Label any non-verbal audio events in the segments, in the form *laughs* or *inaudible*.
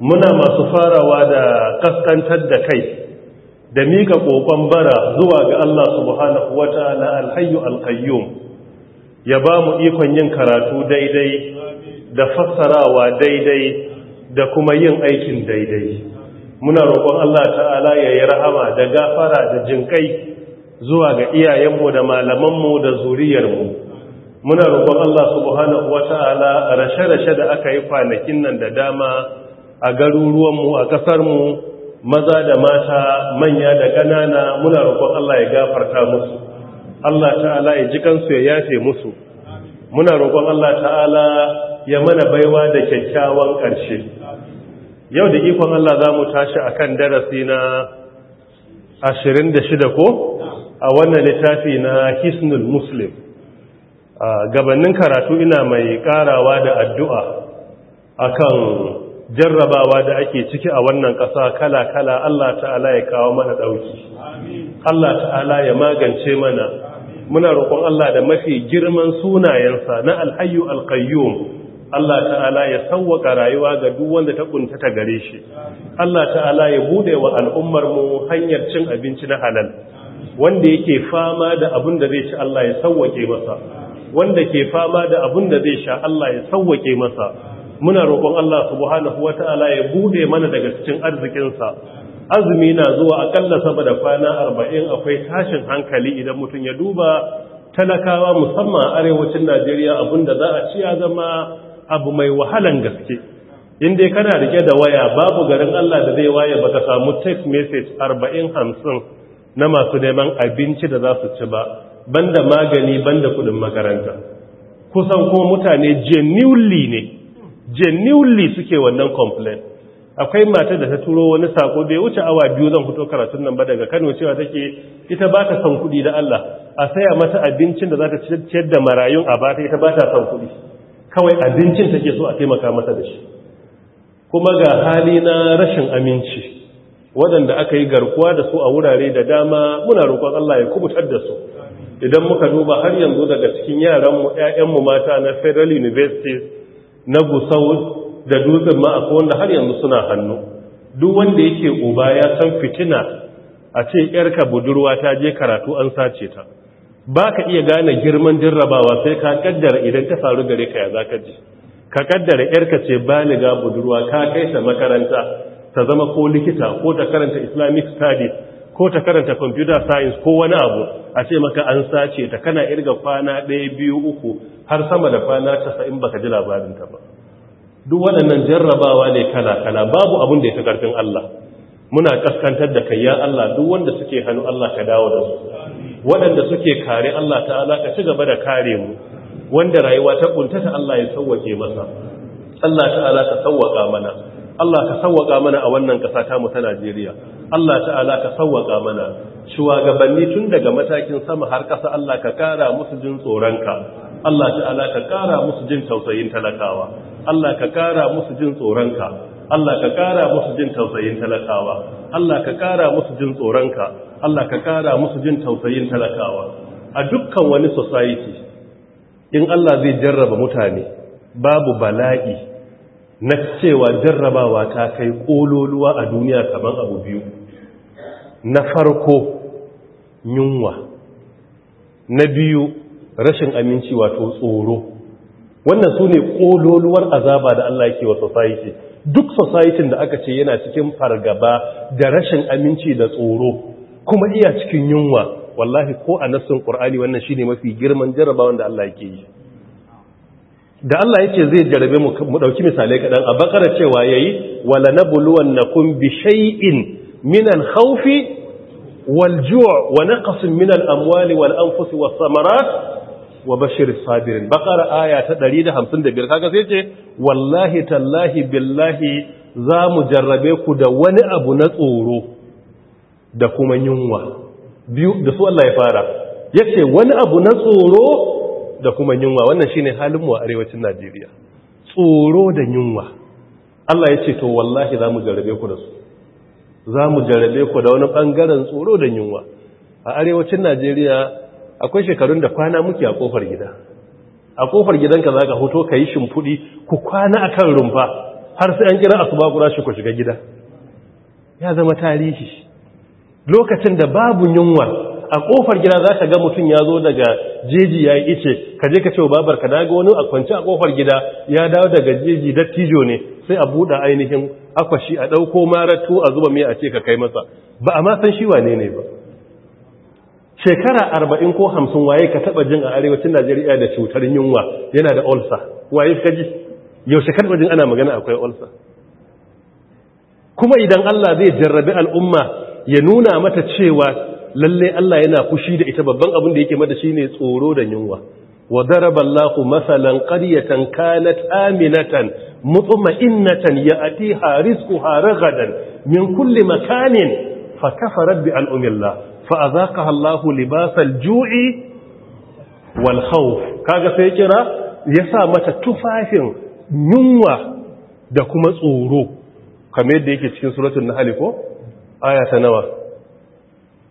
muna masu farawa da kaskantar da kai da mika kokon bara zuwa ga Allah subhanahu ta'ala alhayyu alqayyum ya ba mu ikon yin karatu daidai da fassarawa daidai da kuma yin aikin daidai muna roƙon Allah ta'ala ya yi rahama da gafara da jinƙai zuwa ga iyayenmu da malamanmu da zuriyarmu muna roƙon Allah subhanahu ta'ala rashe-rashe da aka yi kwanakin nan da dama a garuruwanmu a ƙasarmu maza da mata manya da ƙanana muna roƙon Allah ya gafarta musu Allah ta'ala ya ji kansu ya yafe musu muna roƙon Allah ta'ala ya mana baiwa da kyakkyawan ƙarshe yau da ikon Allah za mu tashi a kan darasi na 26 ko a wannan littafi na hisnul muslim gabanin karatu ina mai ƙarawa da addu'a akan jarrabawa da ake ciki a wannan ƙasa kala-kala Allah ta'ala ya kawo mana ɗauki Allah ta'ala ya magance mana muna roƙon Allah da mafi girman sunayensa na alhayu alkayyum Allah ta'ala ya sauwaka rayuwa ga duk wanda ta ƙunta ta gare shi Allah ta'ala ya buɗe wa al'ummar hanyar cin abinci na halal wanda yake fama da abin da zai ci Allah ya sauwake masa wanda ke fama da abin da zai sha Allah ya sauwake masa muna roƙon Allah subhanahu ta'ala ya bude mana daga cikin arzikinsa azumi na zuwa akalla sama da kwana arbain akwai tashin hankali idan mutum ya duba talakawa musamman a arewacin Najeriya abinda za a ci ya zama abu mai wahalan gaske dai kana rike da waya babu garin Allah da zai waye baka samu text message arba'in-hamsin na masu neman abinci da za su ci ba banda magani banda kuɗin makaranta kusan kuma mutane genuinely ne genuinely suke wannan complain akwai matar da ta turo wani sako bai wuce awa biyu zan fito karatun nan ba daga Kano cewa take ita ba ta son kuɗi da Allah a saya mata abincin da za ta ciyar da marayun a bata ita ba ta son kuɗi kawai abincin take so a taimaka mata da shi kuma ga hali na rashin aminci waɗanda aka yi garkuwa da su a wurare da dama muna roƙon Allah ya kubutar da su idan muka duba har yanzu daga cikin yaranmu ƴaƴanmu mata na federal universities na gusau da dutsen ma wanda har yanzu suna hannu duk wanda yake uba ya san fitina a ce yarka budurwa ta je karatu an sace ta ba ka iya gane girman jarrabawa sai ka kaddara idan ta faru gare ka ya za ka ji ka kaddara yarka ce baliga budurwa ka kai ta makaranta ta zama ko likita ko ta karanta islamic studies ko ta karanta computer science ko wani abu a ce maka an sace ta kana irga kwana ɗaya biyu uku har sama da kwana casa'in baka ji labarin ta ba duk waɗannan jarrabawa ne kala-kala babu abin da ya fi ƙarfin Allah muna ƙaskantar da kayya Allah duk wanda suke hannu Allah ka dawo da su waɗanda suke kare Allah ta alaƙa ci gaba da kare mu wanda rayuwa ta ƙuntata Allah ya sauwake masa Allah ta alaƙa sauwaka mana Allah ka sawwaka mana a wannan ƙasa ta mu ta Najeriya Allah ta'ala ka sawwaka mana shugabanni tun daga matakin sama har ƙasa Allah ka kara musu jin tsoronka Allah ta'ala ka kara musu jin tausayin talakawa Allah ka kara musu jin tsoronka Allah ka kara musu jin tausayin talakawa Allah ka kara musu jin tsoronka Allah ka kara musu jin tausayin talakawa a dukkan wani society in Allah zai jarraba mutane babu bala'i na cewa jarrabawa ta kai ƙololuwa a duniya kamar abu biyu na farko yunwa na biyu rashin aminci wato tsoro wannan su ne ƙololuwar azaba da Allah ke wa society duk society da aka ce yana cikin fargaba da rashin aminci da tsoro kuma iya cikin yunwa wallahi ko a nassin ƙur'ani wannan shi ne mafi girman jarrabawan da Allah ke yi da Allah ya ce zai jarabe mu ɗauki misalai kaɗan a bakara cewa ya yi wala na buluwan na kumbi shai'in minan haufi waljuwa wa na minan amwali wal an fusi wa samara wa bashir sabirin bakara aya ta 155 kaga sai ce wallahi tallahi billahi za mu jarrabe ku da wani abu na tsoro da kuma yunwa biyu da su Allah ya fara yace wani abu na tsoro da kuma yunwa wannan shine halin mu a arewacin Najeriya tsoro da yunwa Allah ya ce to wallahi zamu jarabe ku da su zamu jarabe ku da wani bangaren tsoro da yunwa a arewacin Najeriya akwai shekarun da kwana muke a kofar gida a kofar gidanka zaka hoto kai shimfudi ku kwana akan rumfa har sai an kira asuba kura shi ku shiga gida ya zama tarihi lokacin da babu yunwar a kofar gida za ka ga mutum ya zo daga jeji ya yi ice ka je ka ce babar ka daga wani a kwanci a kofar gida ya dawo daga jeji dattijo ne sai a buɗe ainihin akwashi a ɗauko maratu a zuba mai a ce ka kai masa ba a ma shi wane ne ba shekara arba'in ko hamsin waye ka taɓa jin a arewacin najeriya da cutar yunwa yana da olsa waye ka ji yaushe kan wajen ana magana akwai olsa kuma idan allah zai jarrabi al'umma ya nuna mata cewa lalle Allah yana fushi da ita babban abin da yake mata shine tsoro da yunwa wa daraballahu masalan qaryatan kanat aminatan mutma'innatan ya'tiha rizquha ragadan min kulli makanin fakafarat bi al'umillah fa'azaqaha Allah libasal ju'i wal khawf kaga sai kira yasa mata tufafin yunwa da kuma tsoro kamar yadda yake cikin suratul nahl ko aya ta nawa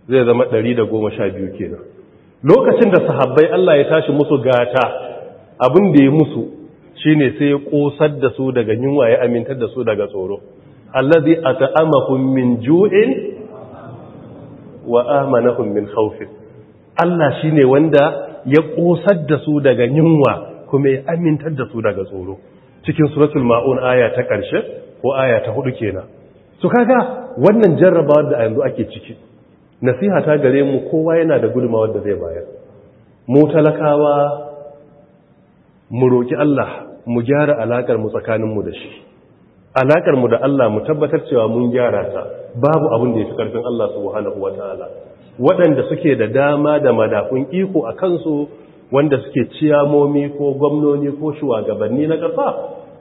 zai zama ɗari da goma sha 112 kenan lokacin da sahabbai Allah ya tashi musu gata abin da ya musu shine sai ya kosar da su daga yunwa ya amintar da su daga tsoro allazi at'amahum min ju'in wa kun min haufin. Allah shine wanda ya kosar da su daga yunwa kuma ya amintar da su daga tsoro cikin suratul ma'un aya ta ƙarshe ko aya ta hudu kenan su kaga wannan jarrabawar da a yanzu ake ciki nasiha ta gare mu kowa yana da gudunmawar da zai bayar mu talakawa mu roƙi Allah mu gyara alaƙar mu tsakaninmu da shi alaƙar mu da Allah mu tabbatar cewa mun gyara ta babu abin da ya fi ƙarfin Allah subhanahu wataala waɗanda suke da dama da madafun iko a kansu wanda suke ciyamomi ko gwamnoni ko shugabanni na ƙasa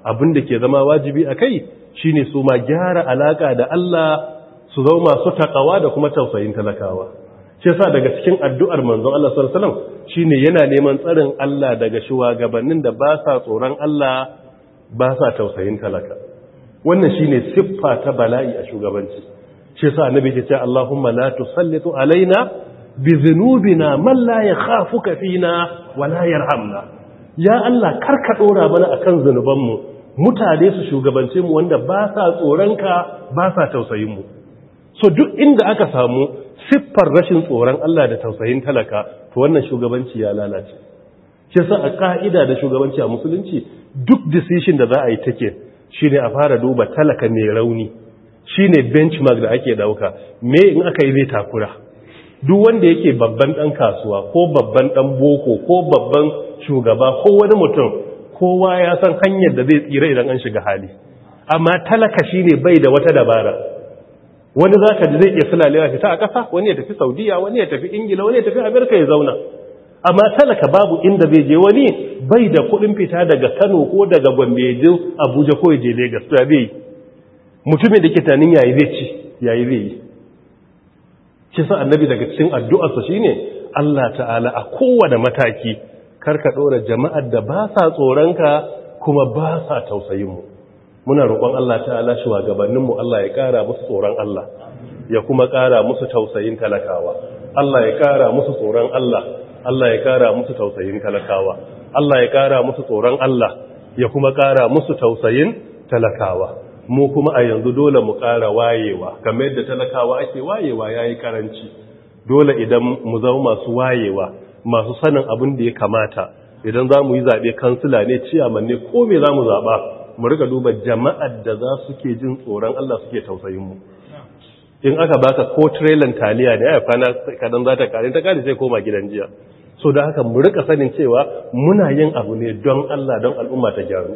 abin da ke zama wajibi a kai shine su ma gyara alaƙa da Allah su zo masu takawa da kuma tausayin talakawa shi sa daga cikin addu'ar manzon Allah sallallahu alaihi wasallam shine yana neman tsarin Allah daga shugabannin da ba sa tsoron Allah ba sa tausayin talaka wannan shine siffa ta bala'i a shugabanci shi sa annabi ya ce Allahumma la tusallitu alaina bi dhunubina man la yakhafuka fina wa la yarhamna ya Allah karka dora mana akan zanubanmu mutane su shugabance mu wanda ba sa tsoronka ba sa tausayin mu so duk inda aka samu siffar rashin tsoron Allah da tausayin talaka to wannan shugabanci ya lalace shi sa a ka'ida da shugabanci a musulunci duk decision da za a yi take shine a fara duba talaka mai rauni shine benchmark da ake dauka me in aka yi zai takura duk wanda yake babban dan kasuwa ko babban dan boko ko babban shugaba ko wani mutum kowa ya san hanyar da zai tsira idan an shiga hali amma talaka shine bai da wata dabara wani za ka zai iya lewa fita a ƙasa wani ya tafi saudiya wani ya tafi ingila wani ya tafi amerika ya zauna amma talaka babu inda bai je wani bai da kuɗin fita daga kano ko daga gombe abuja ko ya je lagos to yi mutumin da ke tanin yayi zai ci yayi zai yi shi sa annabi daga cikin addu'arsa ne. Allah ta'ala a kowane mataki kar ka ɗora jama'ar da ba sa tsoronka kuma ba sa tausayin mu muna roƙon Allah ta'ala shi gabaninmu Allah ya ƙara musu tsoron Allah ya kuma ƙara musu tausayin talakawa Allah ya ƙara musu tsoron Allah Allah ya ƙara musu tausayin talakawa Allah ya ƙara musu tsoron Allah ya kuma ƙara musu tausayin talakawa mu kuma a yanzu dole mu ƙara wayewa kamar yadda talakawa ake wayewa yayi karanci dole idan mu zama masu wayewa masu sanin abin da ya kamata idan za mu yi zaɓe kansila ne ciyaman ne ko me za mu zaɓa mu rika duba jama'ar da za su ke jin tsoron Allah suke tausayin mu in aka baka ko trailer taliya da ai fana kadan za ta kare ta kare sai koma gidan jiya so da haka mu rika sanin cewa muna yin abu ne don Allah don al'umma ta gyaru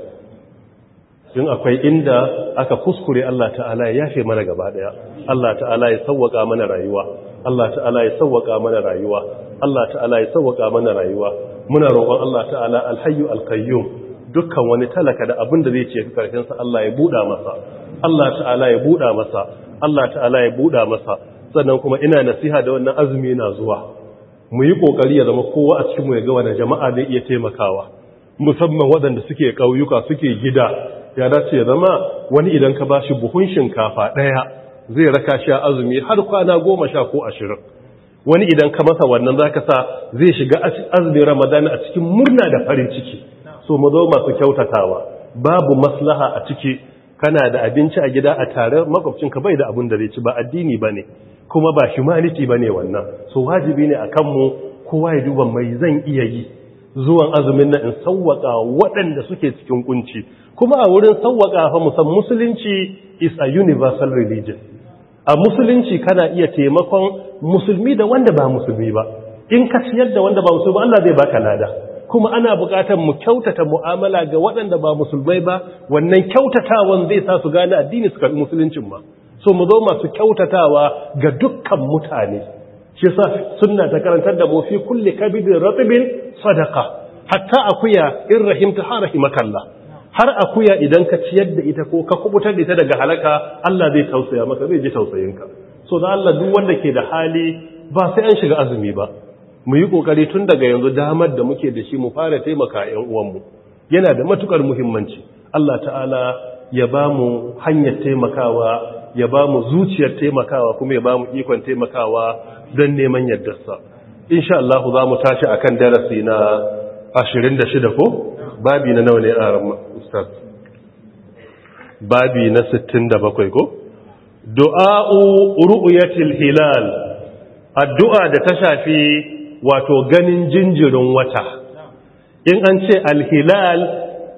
in akwai inda aka kuskure Allah ta'ala ya yafe mana gaba daya Allah ta'ala ya sauwaka mana rayuwa Allah ta'ala ya sauwaka mana rayuwa Allah ta'ala ya sauwaka mana rayuwa muna roƙon Allah ta'ala Alhayyu hayyu dukkan wani talaka da abin da zai ce karshensa Allah ya buɗa masa Allah ta'ala ya buɗa masa Allah ta'ala ya buɗa masa sannan kuma ina nasiha da wannan azumi na zuwa mu yi kokari ya zama kowa a cikin mu ya ga wani jama'a zai iya taimakawa musamman waɗanda suke ƙauyuka suke gida ya dace ya zama wani idan ka ba shi buhun shinkafa ɗaya zai raka shi a azumi har kwana goma sha ko ashirin wani idan ka masa wannan zaka sa zai shiga azumin ramadana a cikin murna da farin ciki so mu zo masu kyautatawa babu maslaha a ciki kana da abinci a gida a tare ka bai da abin da zai ci ba addini bane kuma ba humanity bane wannan so wajibi ne akan mu kowa ya duba mai zan iya yi zuwan azumin na in sawwaka waɗanda suke cikin kunci kuma a wurin sawwaka fa musan musulunci is a universal religion a musulunci kana iya taimakon musulmi da wanda ba musulmi ba in ka ciyar da wanda ba musulmi Allah zai baka lada kuma ana bukatar mu kyautata mu'amala ga waɗanda ba musulmai ba wannan kyautatawan zai sa su gane addini su kalli musuluncin ma so mu zo masu kyautatawa ga dukkan mutane shi sa sunna ta karantar da mu kulle kulli kabidin ratibin sadaqa hatta akuya in rahimta ha kalla. har akuya idan ka ciyar da ita ko ka kubutar da ita daga halaka Allah zai tausaya maka zai ji tausayinka so da Allah duk wanda ke da hali ba sai an shiga azumi ba mu yi kokari tun daga yanzu damar da muke da shi mu fara taimaka ƴan uwanmu yana da matukar muhimmanci Allah ta'ala ya ba hanyar taimakawa ya ba zuciyar taimakawa kuma ya bamu ikon taimakawa don neman sa insha Allah za mu tashi akan darasi na 26 ko babi na nawa ne a ramma ustaz babi na 67 ko du'a ru'yatil hilal addu'a da ta shafi wato ganin jinjirin wata in an ce alhilal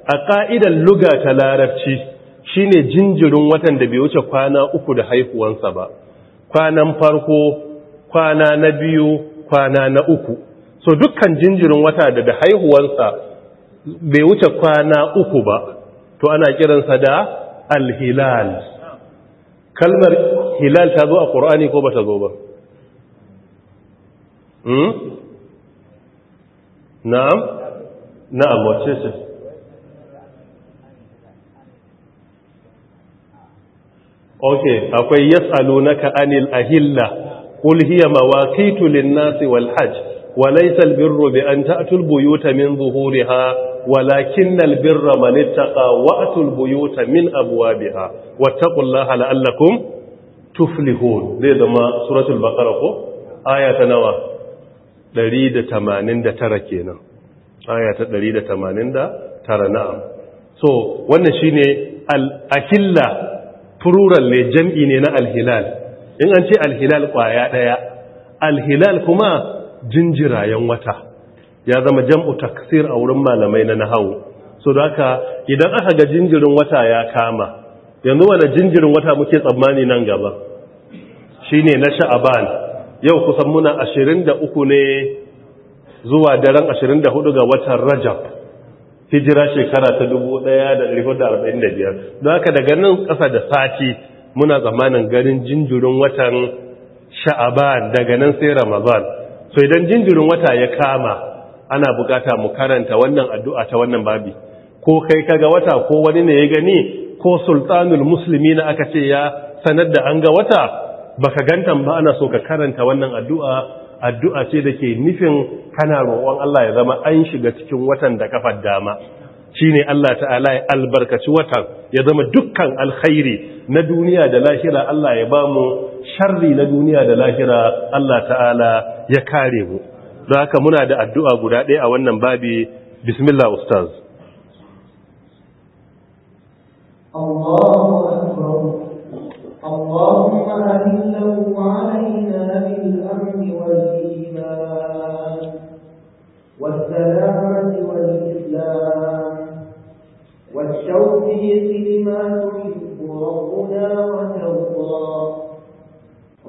a ka'idan luga ta larabci shi ne jinjirin watan da bai wuce kwana uku da haihuwansa ba kwanan farko kwana na biyu kwana na uku so dukkan jinjirin wata da da haihuwansa bai wuce kwana uku ba to ana kiransa da alhilal kalmar hilal ta zo a ƙorani ko ba ta zo ba Hmm? Na'am, na'a ba ceci. Okay. Akwai yas a nuna ka anin a hilla kulhiya mawaƙi tulin nasi walhaj walaisal bin ruɓi an tatul buyuta min buhuri ha walakin lalɓin ramanin taƙa wa atul buyuta min abuwabi ha wattaƙun laha la'allakun tufli hun. Zai zama suratul baƙar ko Aya ta nawa? 189 kenan aya ta 189 na'am so wannan shine al-akilla plural ne jam'i ne na al-hilal in an ce al-hilal kwaya daya al-hilal kuma jinjirayen wata ya zama jam'u taksir a wurin malamai na nahawu so da haka idan aka ga jinjirin wata ya kama yanzu wani jinjirin wata muke tsammani nan gaba shine na sha'aban yau kusan muna 23 ne zuwa daren 24 ga watan rajab hijira shekara ta 1445 don haka daga nan kasa da sati muna zamanin ganin jinjirin watan sha'aban daga nan sai ramazan so idan jinjirin wata ya kama ana bukata mu karanta wannan addu'a ta wannan babi ko kai kaga wata ko wani ne ya gani ko sultanul musulmi na aka ce ya sanar da an ga wata baka gantan ba ana so ka karanta wannan addu'a addu'a ce da ke nufin kana roƙon Allah ya zama an shiga cikin watan da kafar dama Shi ne Allah ta'ala ya albarkaci watan ya zama dukkan alkhairi na duniya da lahira Allah ya ba mu sharri na duniya da lahira Allah ta'ala ya kare mu da haka muna da addu'a guda ɗaya a wannan babi bismillah ustaz Allah اللهم أهله علينا بالأمن والإيمان والسلامة والإسلام والتوفيق لما تحب ربنا وترضى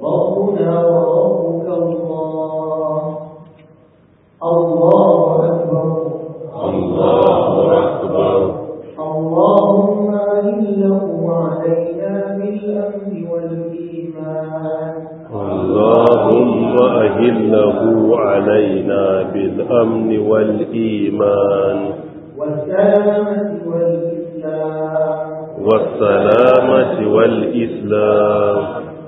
ربنا وربك الله الله وأهله علينا بالأمن والإيمان والسلامة والإسلام والسلامة والإسلام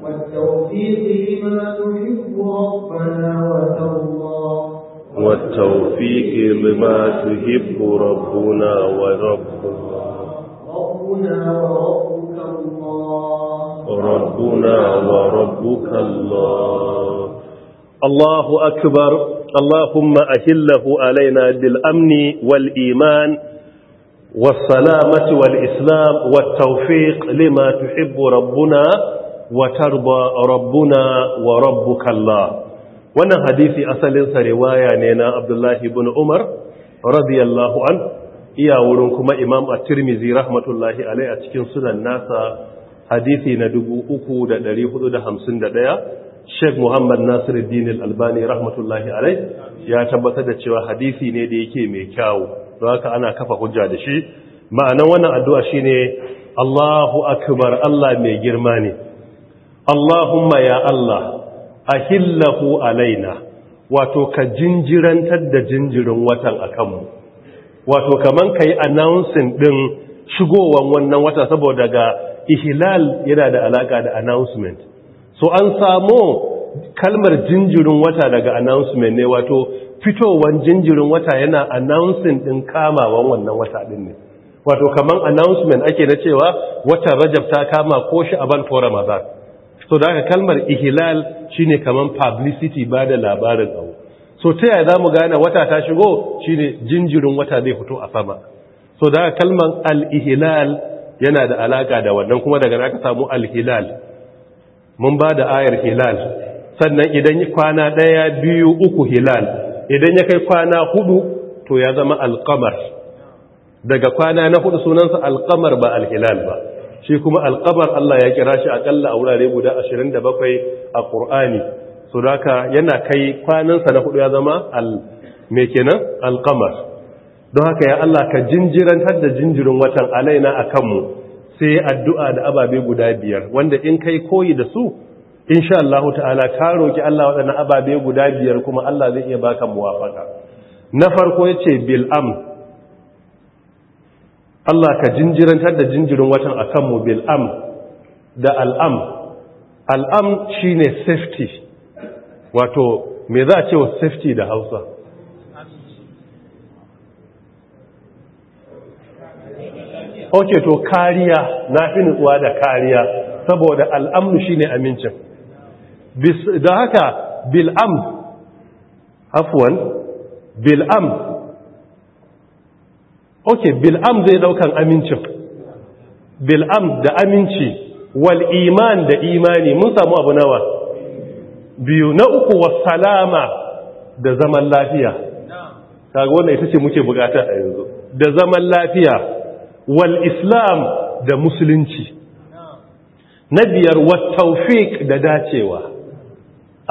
والتوفيق لما تحب ربنا وترضى والتوفيق لما تحب ربنا وربنا ربنا وربك الله ربنا وربك الله الله أكبر اللهم أهله علينا بالأمن والإيمان والسلامة والإسلام والتوفيق لما تحب ربنا وترضى ربنا وربك الله وانا حديثي أسل رواية نينا عبد الله بن عمر رضي الله عنه iya wurin kuma imam a tirmizi rahmatullahi alai a cikin sunan nasa hadisi na 3451 Sheikh Muhammad Nasiruddin Al-Albani rahmatullahi alai ya tabbatar da cewa hadisi ne da yake mai kyau don haka ana kafa hujja da shi ma'anan wannan addu'a shine Allahu akbar Allah mai girma ne Allahumma ya Allah ahillahu alaina wato ka jinjirantar da jinjirin watan akanmu wato kaman kai announcing din shigowan wannan wata saboda ga ihlal yana da alaka da announcement so an samu kalmar jinjirin wata daga announcement ne wato fitowar jinjirin wata yana announcing din kamawan wannan wata din ne wato kaman announcement ake na cewa wata rajab ta kama ko shi sha'aban ko ramadan so da aka kalmar ihlal shine kaman publicity ba da labarin abu so ta yaya zamu gane wata ta shigo shine jinjirin wata zai fito a sama so da aka kalmar al ihilal yana da alaka da wannan kuma daga aka samu al ihilal mun ba da ayar hilal sannan idan kwana ɗaya biyu uku hilal idan ya kai kwana hudu to ya zama alkamar daga kwana na hudu sunansa alkamar ba alhilal ba shi kuma alkamar Allah ya kira shi akalla a wurare guda ashirin da bakwai a ƙur'ani su haka yana kai kwanansa na hudu ya zama al kenan alkamar don haka ya Allah ka jinjirantar da jinjirin watan alaina a kanmu. sai addu'a da ababe guda biyar wanda in kai koyi da su insha Allah ta'ala ka roki Allah waɗannan ababe guda biyar kuma Allah zai iya baka muwafaka na farko ya ce bil'am, Allah ka jinjirantar da jinjirin watan a kanmu bil'am, da al'am. Al'am shi ne shine safety wato me za a ce wa safety da Hausa ok to kariya na fi nutsuwa da kariya saboda al'amnu shi ne amincin da haka bil'am afuwan bil'am ok bil'am zai daukan amincin bil'am da aminci wal iman da imani mun samu abu nawa biyu na uku wa salama da zaman lafiya Ta wannan ita ce muke bukata a yanzu da zaman lafiya wal islam da musulunci na biyar wataufik da dacewa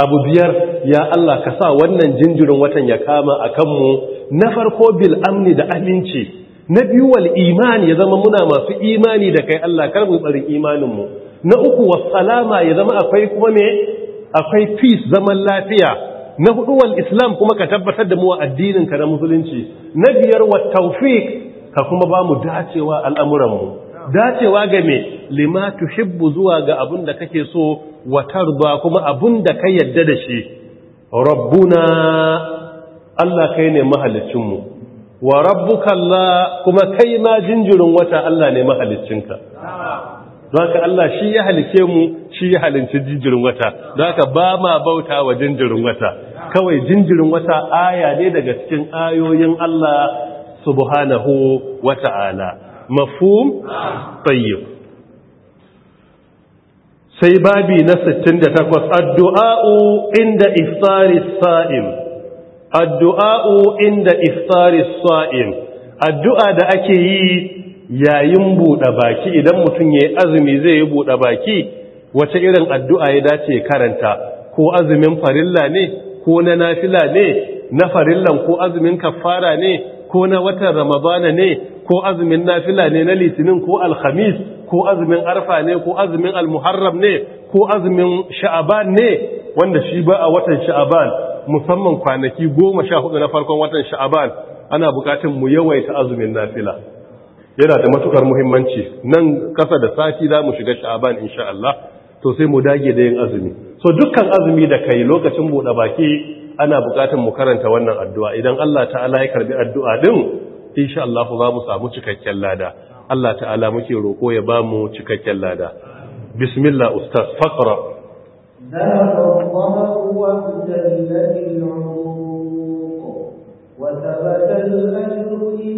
abu biyar ya Allah ka sa wannan jinjirin watan ya kama a kanmu na farko bil amni da aminci na biyu wal imani ya zama muna masu imani da kai Allah kar mu imanin imaninmu na uku was salama ya zama akwai kuma me akwai peace zaman lafiya na hudu wal islam kuma ka tabbatar da mu addinin ka na musulunci na biyar wa tawfiq ka kuma ba mu dacewa al'amuran mu dacewa ga me lima tuhibbu zuwa ga abun da kake so wa tarba kuma abun da ka yadda da shi rabbuna Allah kai ne mahaliccin mu wa rabbuka Allah kuma kai ma jinjirin wata Allah ne mahaliccinka don haka Allah shi ya halice mu shi ya halince jinjirin wata don haka ba ma bauta wa jinjirin wata kawai jinjirin wata aya ne daga cikin ayoyin Allah subhanahu wa ta'ala mafhum tayyib sai babi na 68 addu'a'u inda iftari sa'im addu'a'u inda iftari sa'im addu'a da ake yi yayin buɗe baki idan mutum ya yi azumi zai yi buɗe baki wace irin addu'a ya dace karanta ko azumin farilla ne ko na nafila ne na farillan ko azumin kafara ne ko na watan ramadana ne ko azumin nafila ne na litinin ko alhamis ko azumin arfa ne ko azumin almuharram ne ko azumin sha'aban ne wanda shi ba a watan sha'aban musamman kwanaki goma sha hudu na farkon watan sha'aban ana bukatun mu yawaita azumin nafila yana da matukar muhimmanci nan kasa da sati za mu shiga sha'aban insha Allah to sai mu dage da yin azumi so dukkan azumi da kai lokacin buɗe baki ana bukatun mu karanta wannan addu'a idan Allah ta'ala ya karbi addu'a din insha Allah za mu samu cikakken lada Allah ta'ala muke roko ya ba mu cikakken lada bismillah ustaz faqra وثبت الأجر إن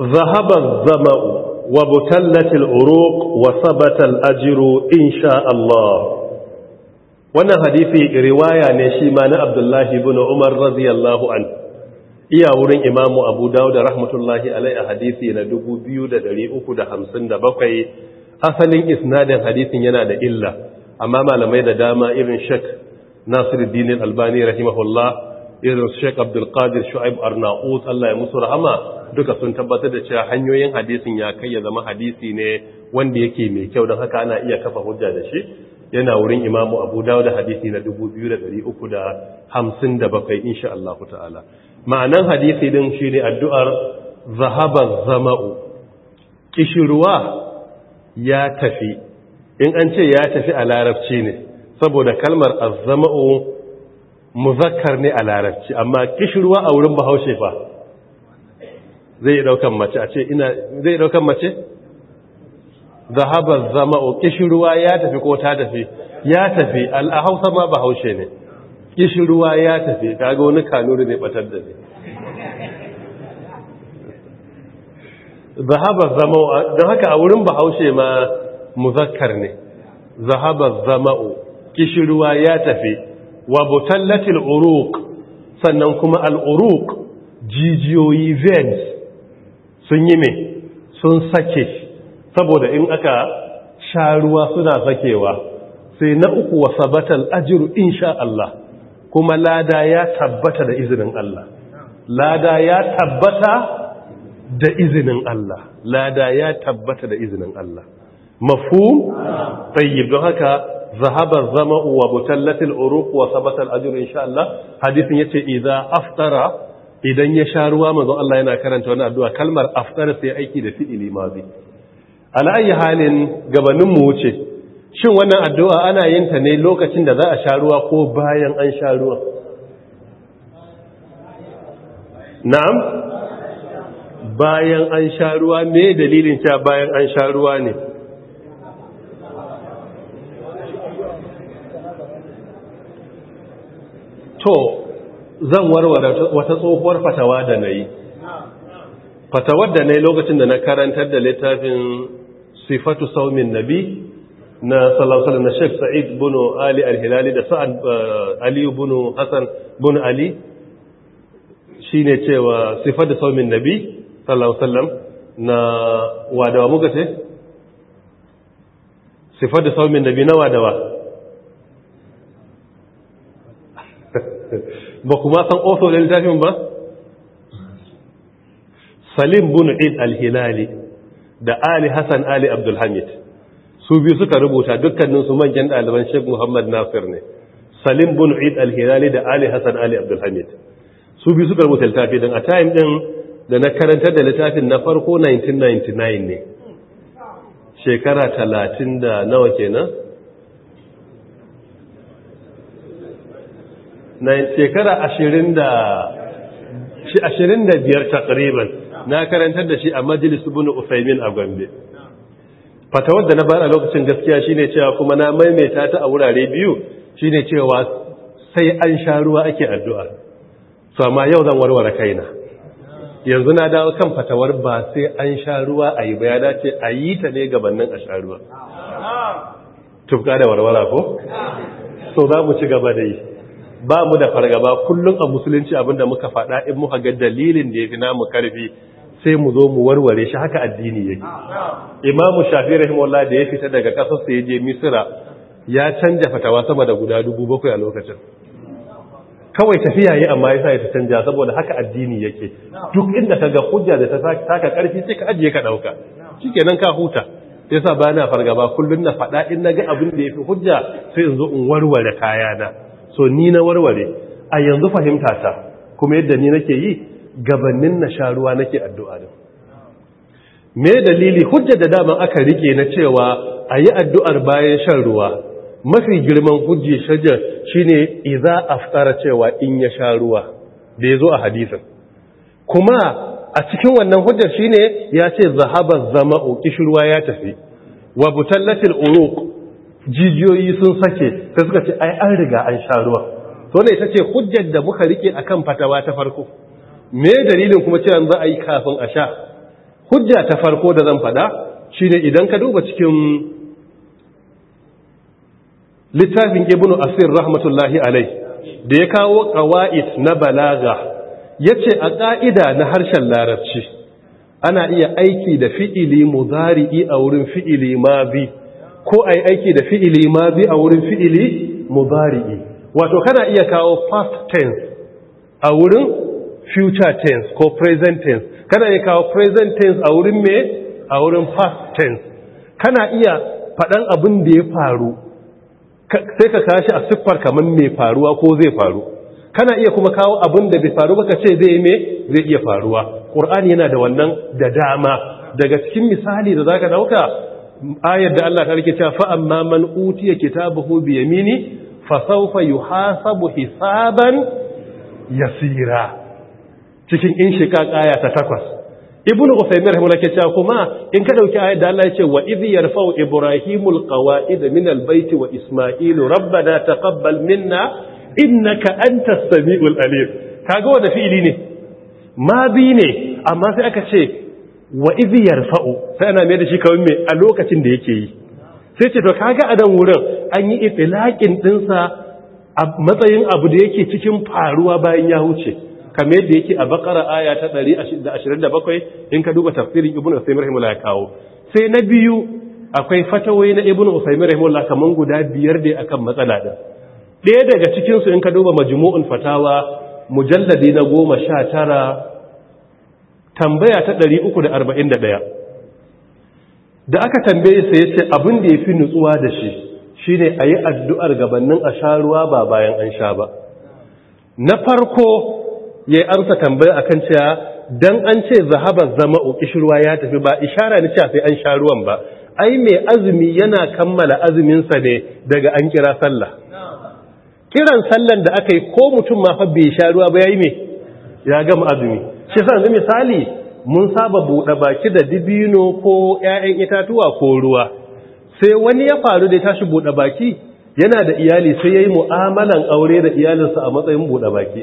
ذهب الظمأ وبتلت العروق وثبت الأجر إن شاء الله wannan hadisi riwaya ne shi ma na Abdullahi ibn Umar radiyallahu an iya wurin imamu Abu da rahmatullahi alai'a hadisi na 2357 asalin isnadin hadisin yana da illa amma malamai da dama irin shak. Nasiruddin Albani rahimahullah irin Sheikh abdulkadir Qadir Shu'aib Arnaut Allah ya musu rahama duka sun tabbatar da cewa hanyoyin hadisin ya kai ya zama hadisi ne wanda yake mai kyau don haka ana iya kafa hujja da shi yana wurin Imamu Abu da hadisi na 2357 insha Allah ta'ala ma'anan hadisi din ne addu'ar zahaba zama'u kishirwa ya tafi in an ce ya tafi a larabci ne saboda kalmar azzama'u muzakkar ne a larabci amma kishirwa a wurin bahaushe fa zai daukan mace a ce ina zai daukan mace Zahabar zama'u kishirwa ya tafi ko ta tafi ya tafi al'ahausa ma bahaushe ne kishirwa ya tafi Ta ga wani kanuri ne batar da ne Zahabar zama'u don haka a wurin bahaushe ma muzakkar ne Zahabar zama'u kishirwa ya tafi wa butallatil uruq sannan kuma uruq jijiyoyi veins sun yi me sun sake saboda in aka sha ruwa suna sakewa sai na uku wa sabatal ajru insha Allah kuma lada ya tabbata da izinin Allah lada ya tabbata da izinin Allah lada ya tabbata da izinin Allah mafhum tayyib don haka zahabar zama uwa butallatil uruq wa sabata al-ajr insha Allah hadisin yace idza aftara idan ya sha ruwa manzo Allah yana karanta wannan addu'a kalmar aftara sai aiki da fi'ili mazi ala ayi halin gabanin wuce shin wannan addu'a ana yin ta ne lokacin da za a sha ruwa ko bayan an sha ruwa na'am bayan an sha ruwa me dalilin sha bayan an sha ruwa ne to zan warware wata tsohuwar fatawa da na yi fatawar da na yi lokacin da na karantar da littafin sifatu saumin nabi na salasalar na sheik sa'id bunu ali alhilali da sa'ad eh, aliyu bunu hassan bunu ali shi ne cewa sifatu saumin nabi salasalar na wadawa muka ce sifatu saumin nabi na wadawa ba kuma san oso da littafin ba salim bin id al-hilali da ali hassan ali abdulhamid su biyu suka rubuta dukkaninsu manyan ɗaliban Sheikh muhammad nasir ne salim bin id al-hilali da ali hassan ali abdulhamid su biyu suka rubuta littafi don a time ɗin da na karanta da littafin na farko 1999 ne shekara talatin da nawa kenan na shekara ashirin da biyar takriban na karantar da shi a majalis bin Usaimin a Gombe fatawar da na bayar a lokacin gaskiya shine cewa kuma na maimaita ta a wurare biyu shine cewa sai an sha ruwa ake addu'a to amma yau zan warware kaina yanzu na dawo kan fatawar ba sai an sha ruwa a yi ba ya dace a yi ta ne gabanin a sha ruwa tufka da warwara ko so za mu ci gaba da yi ba mu da fargaba kullum a musulunci abinda muka faɗa in muka ga dalilin da ya fi namu karfi sai mu zo mu warware shi haka addini yake imamu shafi Allah da ya fita daga kasar sa je misira ya canja fatawa sama da guda dubu bakwai a lokacin kawai tafiya yi amma yasa ya canja saboda haka addini yake duk inda ka ga hujja da ta saka karfi sai ka ajiye ka dauka shikenan ka huta sa bana fargaba kullum na faɗa in na ga abin da yafi hujja sai in zo in warware kayana so ni na warware a yanzu fahimta ta kuma yadda ni nake yi gabanin na sha ruwa nake addu'a da me dalili hujja da dama aka rike na cewa a yi addu'ar bayan shan ruwa mafi girman hujji shajar shine iza a fara cewa in ya sha ruwa da ya zo a hadisin kuma a cikin wannan hujjar shine ya ce zahabar zama'u kishirwa ya tafi wa butallatil uruq jijiyoyi sun sake ta suka ce ai an riga an sha ruwa to ne ita ce hujjar da muka rike akan fatawa ta farko me dalilin kuma cewa za a yi kafin a sha hujja ta farko da zan fada shine idan ka duba cikin littafin ibnu asir rahmatullahi alai da ya kawo qawaid na balaga yace a ƙa'ida na harshen larabci ana iya aiki da fi'ili mudari'i a wurin fi'ili ma bi. ko a yi aiki da fi'ili ma mazi a wurin fi'ili mubari'i wato kana iya kawo past tense a wurin future tense ko present tense kana iya kawo present tense a wurin me a wurin past tense kana iya faɗan abin da ya faru sai ka kashi a siffar kamar mai faruwa ko zai faru kana iya kuma kawo abin da bai faru baka ce zai me zai iya faruwa ƙur'ani yana da wannan da dama daga cikin misali da zaka dauka ayar da Allah ta rike cewa fa amma man utiya kitabahu bi yamini fa sawfa yuhasabu hisaban yasira cikin shika aya ta takwas ibnu usaymir rahimahullah ke cewa kuma in ka dauki ayar da Allah ya ce wa idh yarfa'u ibrahimul qawa'id min albayt wa isma'ilu rabbana taqabbal minna innaka antas samiul alim kaga wanda fili ne ma bi ne amma sai aka ce wa izi rufa’o sai ana mai da shi kawai mai a lokacin da yake yi sai ce to kaga a dan wurin an yi itilakin dinsa a matsayin abu da yake cikin faruwa bayan ya huce kamar yadda yake a bakara aya ta 127 in ka duba tafsirin ibn usaym rahimahullah ya kawo sai na biyu akwai fatawai na ibnu usaym rahimahullah kaman guda biyar da akan matsala da ɗaya daga cikin su in ka duba majmu'un fatawa mujalladi na goma sha tara. tambaya ta ɗari uku da arba'in da da ɗaya, aka tambaye sai ce abin da ya fi nutsuwa da shi shine yi addu'ar gabanin a sha ruwa ba bayan an sha ba na farko yi amsa tambaya kan cewa don an ce zahaba zama'u kishruwa ya tafi ba ishara ni cewa sai an sha ruwan ba ai mai azumi yana kammala azuminsa ne daga an kira sallah kiran sallan da aka yi ko mutum ma bai sha ruwa ba ya yi me ya gama azumi shi sa yanzu misali mun saba buɗe baki da dibino ko ‘ya'yan itatuwa ko ruwa sai wani ya faru da ya tashi buɗe baki yana da iyali sai ya yi mu'amalan aure da iyalinsa a matsayin buɗe baki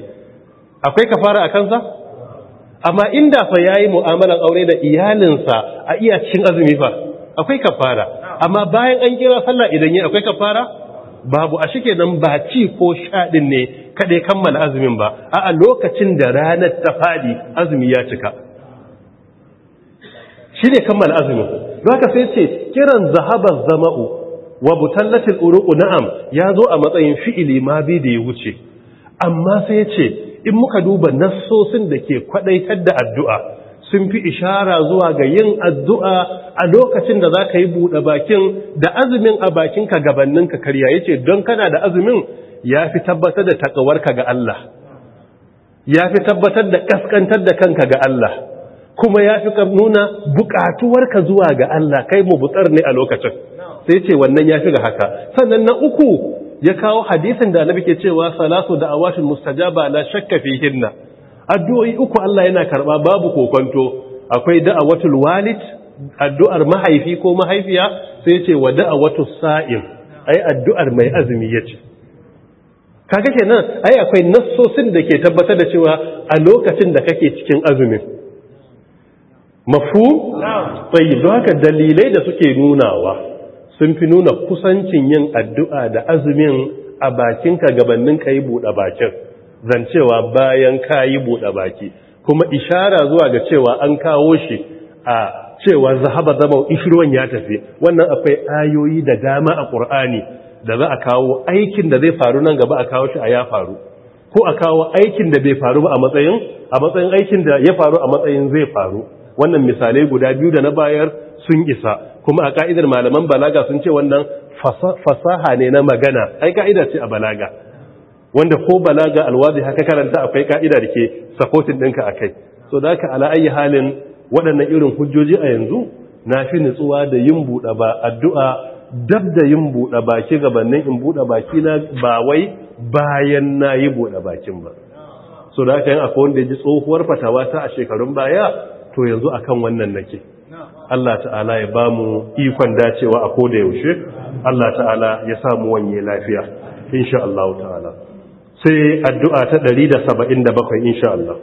akwai ka fara a kansa amma inda fa ya yi mu'amalan aure da iyalinsa a iya cin azumi fa akwai ka fara amma bayan an kira sallah idan ya akwai ka fara babu a shike nan baci ko shaɗin ne kada ya kammala azumin ba a lokacin da ranar ta fadi azumi ya cika shi ne kammala azumin ka sai ce kiran zahabar zama'u wa butallatin uruku na'am ya zo a matsayin fi'ili ma bi da ya wuce amma sai ya ce in muka duba nassosin da ke kwadaitar da addu'a sun fi ishara zuwa ga yin addu'a a lokacin da za ka yi buɗe bakin da azumin a bakinka gabanninka karya ya ce don kana da azumin ya fi tabbatar da takawarka ga Allah ya fi tabbatar da kaskantar da kanka ga Allah kuma ya fi nuna buƙatuwarka zuwa ga Allah kai mu butsar ne a lokacin sai ce wannan ya fi ga haka sannan na uku ya kawo hadisin da annabi ke cewa salatu da awatin mustajaba la shakka hinna addu'o'i uku Allah yana karɓa babu kokonto akwai da'awatul walid addu'ar mahaifi ko mahaifiya sai ce wa da'awatus sa'im ai addu'ar mai azumi yace kaga kenan ai akwai nassosin da ke tabbatar da cewa a lokacin da kake cikin azumin mafu tsayi don haka dalilai da suke nunawa sun fi nuna kusancin yin addu'a da azumin a bakin ka gabanin ka yi buɗe bakin zancewa bayan ka yi buɗe baki kuma ishara zuwa ga cewa an kawo shi a cewa zahaba zabau ishruwan ya tafi wannan akwai ayoyi da dama a ƙur'ani da za a kawo aikin da zai faru nan gaba a kawo shi a ya faru ko a kawo aikin da bai faru ba a matsayin a matsayin aikin da ya faru a matsayin zai faru wannan misalai guda biyu da na bayar sun isa kuma a ka'idar malaman balaga sun ce wannan fasaha ne na magana ai ka'ida ce a balaga wanda ko balaga alwazi haka karanta akwai ka'ida da ke supporting ɗinka a kai so da haka ala ayi halin waɗannan irin hujjoji a yanzu na fi nutsuwa da yin buɗa ba addu'a dab da yin buɗe baki gabanin in buɗe baki na ba wai bayan na yi buɗe bakin ba so da aka yin a wanda ya ji tsohuwar fatawa ta a shekarun baya to yanzu akan wannan nake Allah ta'ala ya ba mu ikon dacewa a koda yaushe Allah ta'ala ya samu wanye lafiya insha Allah ta'ala sai addu'a ta 177 insha Allah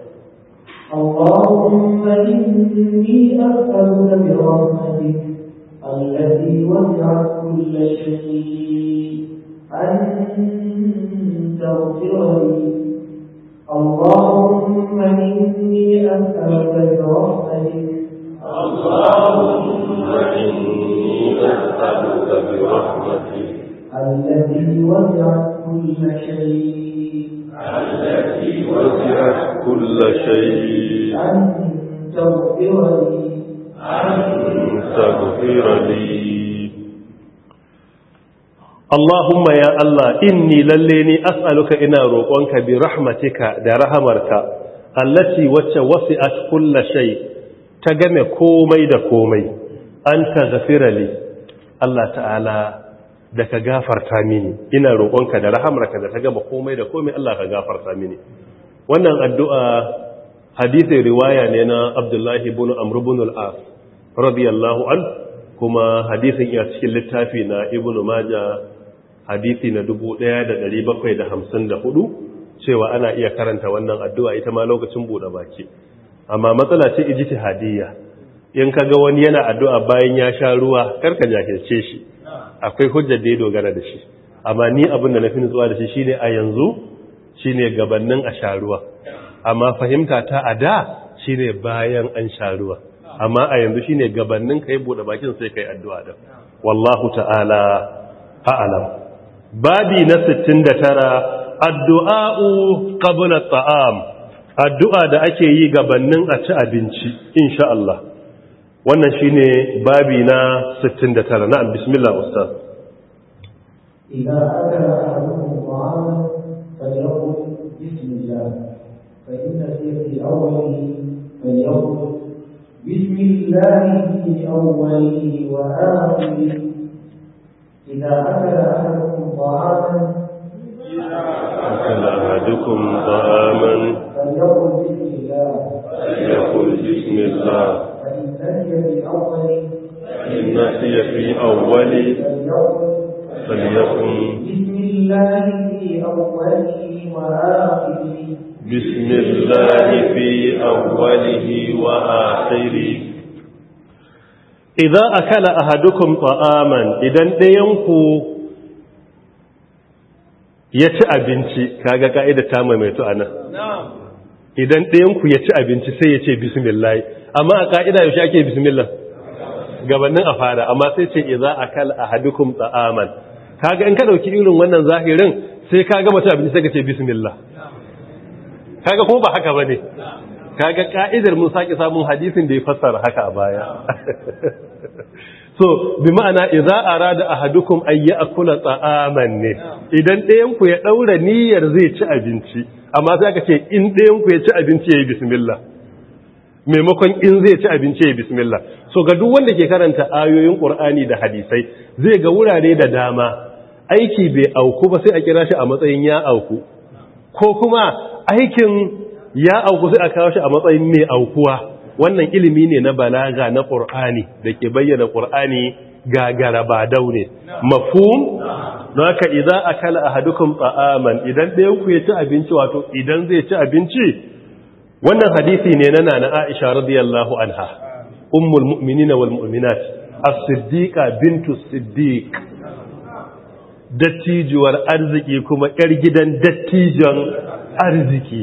Allahumma inni as'aluka الذي وسع كل شيء أن تغفر لي اللهم إني أسألك برحمتك اللهم إني أسألك برحمتك الذي وسعت كل شيء التي وسعت كل شيء أن تغفر لي تغفر لي اللهم يا الله إني لليني أسألك إنا روقونك برحمتك درهمرك التي وسعت كل شيء تقم كومي دا كومي أن تغفر لي الله تعالى da ka gafarta mini ina roƙonka da rahamarka da ta gaba komai da komai Allah ka gafarta mini wannan addu'a hadisin riwaya ne na abdullahi ibn amr ibn al-as radiyallahu an kuma hadisin ya cikin littafi na ibn maja hadisi na 1754 cewa ana iya karanta wannan addu'a ita ma lokacin buɗe baki amma matsala ce Hadiyya. in kaga wani yana addu'a bayan ya sha ruwa karka jahilce shi akwai hujjar da ya dogara da shi amma ni abin da na fi nutsuwa da shi shine a yanzu shine gabannin a sha ruwa amma fahimta ta a da shine bayan an sharuwa, amma a yanzu shine gabanin yi buɗe bakin sai ka yi addu'a da wallahu ta'ala ha'alam. babi na 69 addu'a'u ƙabula at'am addu'a da ake yi gabanin a ci abinci insha Allah wannan shine babi na 69 na bismillah ustaz في أوله فليقل بسم الله في أوله وآخره إذا أكل أحدكم طعاما أكل أحدكم طعاما فليقل بسم الله فليقل بسم الله فإن نسي في أوله فإن نسي في فليقل بسم الله في أوله وآخره بسم الله في أوله وآخره إذا أكل أهدكم طعاما إذن ينقو yaci abinci kaga kaida ta maimaito ana idan ɗayan ku yaci abinci sai yace bismillah amma a kaida yaushe ake bismillah gabanin a fara amma sai ce idza akal ahadukum ta'aman kaga in ka dauki irin wannan zahirin sai ka gama abinci sai ka ce bismillah kaga ko ba haka bane kaga ka'idar mun saki samun hadisin da ya fassara haka a baya *laughs* so bi ma'ana idza arada ahadukum ay ya'kula ta'aman ne idan ɗayan ku ya daura niyyar zai ci abinci amma sai aka ce in ɗayan ku ya ci abinci yayi bismillah maimakon in zai ci abinci ya bismillah so ga duk wanda ke karanta ayoyin qur'ani da hadisai zai ga wurare da dama aiki bai auku ba sai a kira shi a matsayin ya auku ko kuma aikin ya auku sai a kawo shi a matsayin mai aukuwa wannan ilimi ne na balaga na ƙur'ani da ke bayyana ƙur'ani ga garaba ne mafhum don haka idan akala ahadukum ta'aman idan ɗayan ku ya ci abinci wato idan zai ci abinci wannan hadisi ne na nana Aisha radiyallahu anha ummul mu'minina wal mu'minat as-siddiqa bintu siddiq dattijuwar arziki kuma 'yar gidan dattijan arziki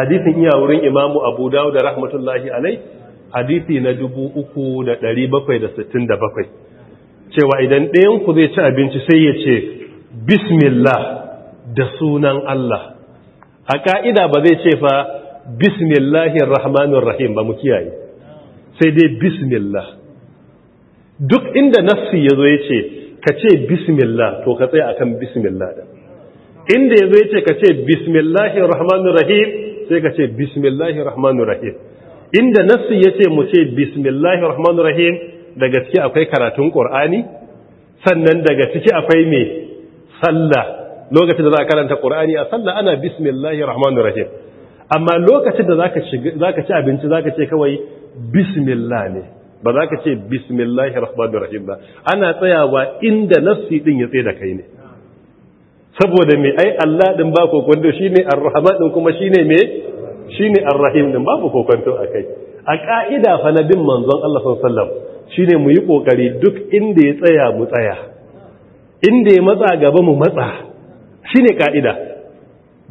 hadisin iya wurin imamu abu dawo da rahmatullahi alai hadisi na dubu uku da da da bakwai sittin bakwai, cewa idan ɗayan ku zai ci abinci sai ya ce bismillah da sunan Allah a ƙa'ida ba zai ce fa bismillahir rahmanin rahim ba mu kiyaye sai dai bismillah duk inda nassi ya ce ka ce bismillah to ka tsaya akan bismillah da. inda ya zo ya ce ka ce bismillahi rahmanu rahim sai ka ce bismillahi rahmanu rahim inda nassi ya ce mu ce bismillahi rahmanu rahim daga ciki akwai karatun qur'ani sannan daga ciki akwai mai sallah lokacin da za a karanta qur'ani a sallah ana bismillahi rahmanu rahim amma lokacin da za ka ci abinci ka ce kawai bismillah ne ba za ka ce bismillahi rahmanu rahim ba ana tsayawa inda nassi din ya tsaye da kai ne saboda me ai Allah ɗin ba kokonto shine ar-rahman din kuma shine me shine ar-rahim din babu kokonto akai a ka'ida fa na bin manzon Allah sallallahu alaihi wasallam shine mu yi kokari duk inda ya tsaya mu tsaya inda ya matsa gaba mu matsa shine ka'ida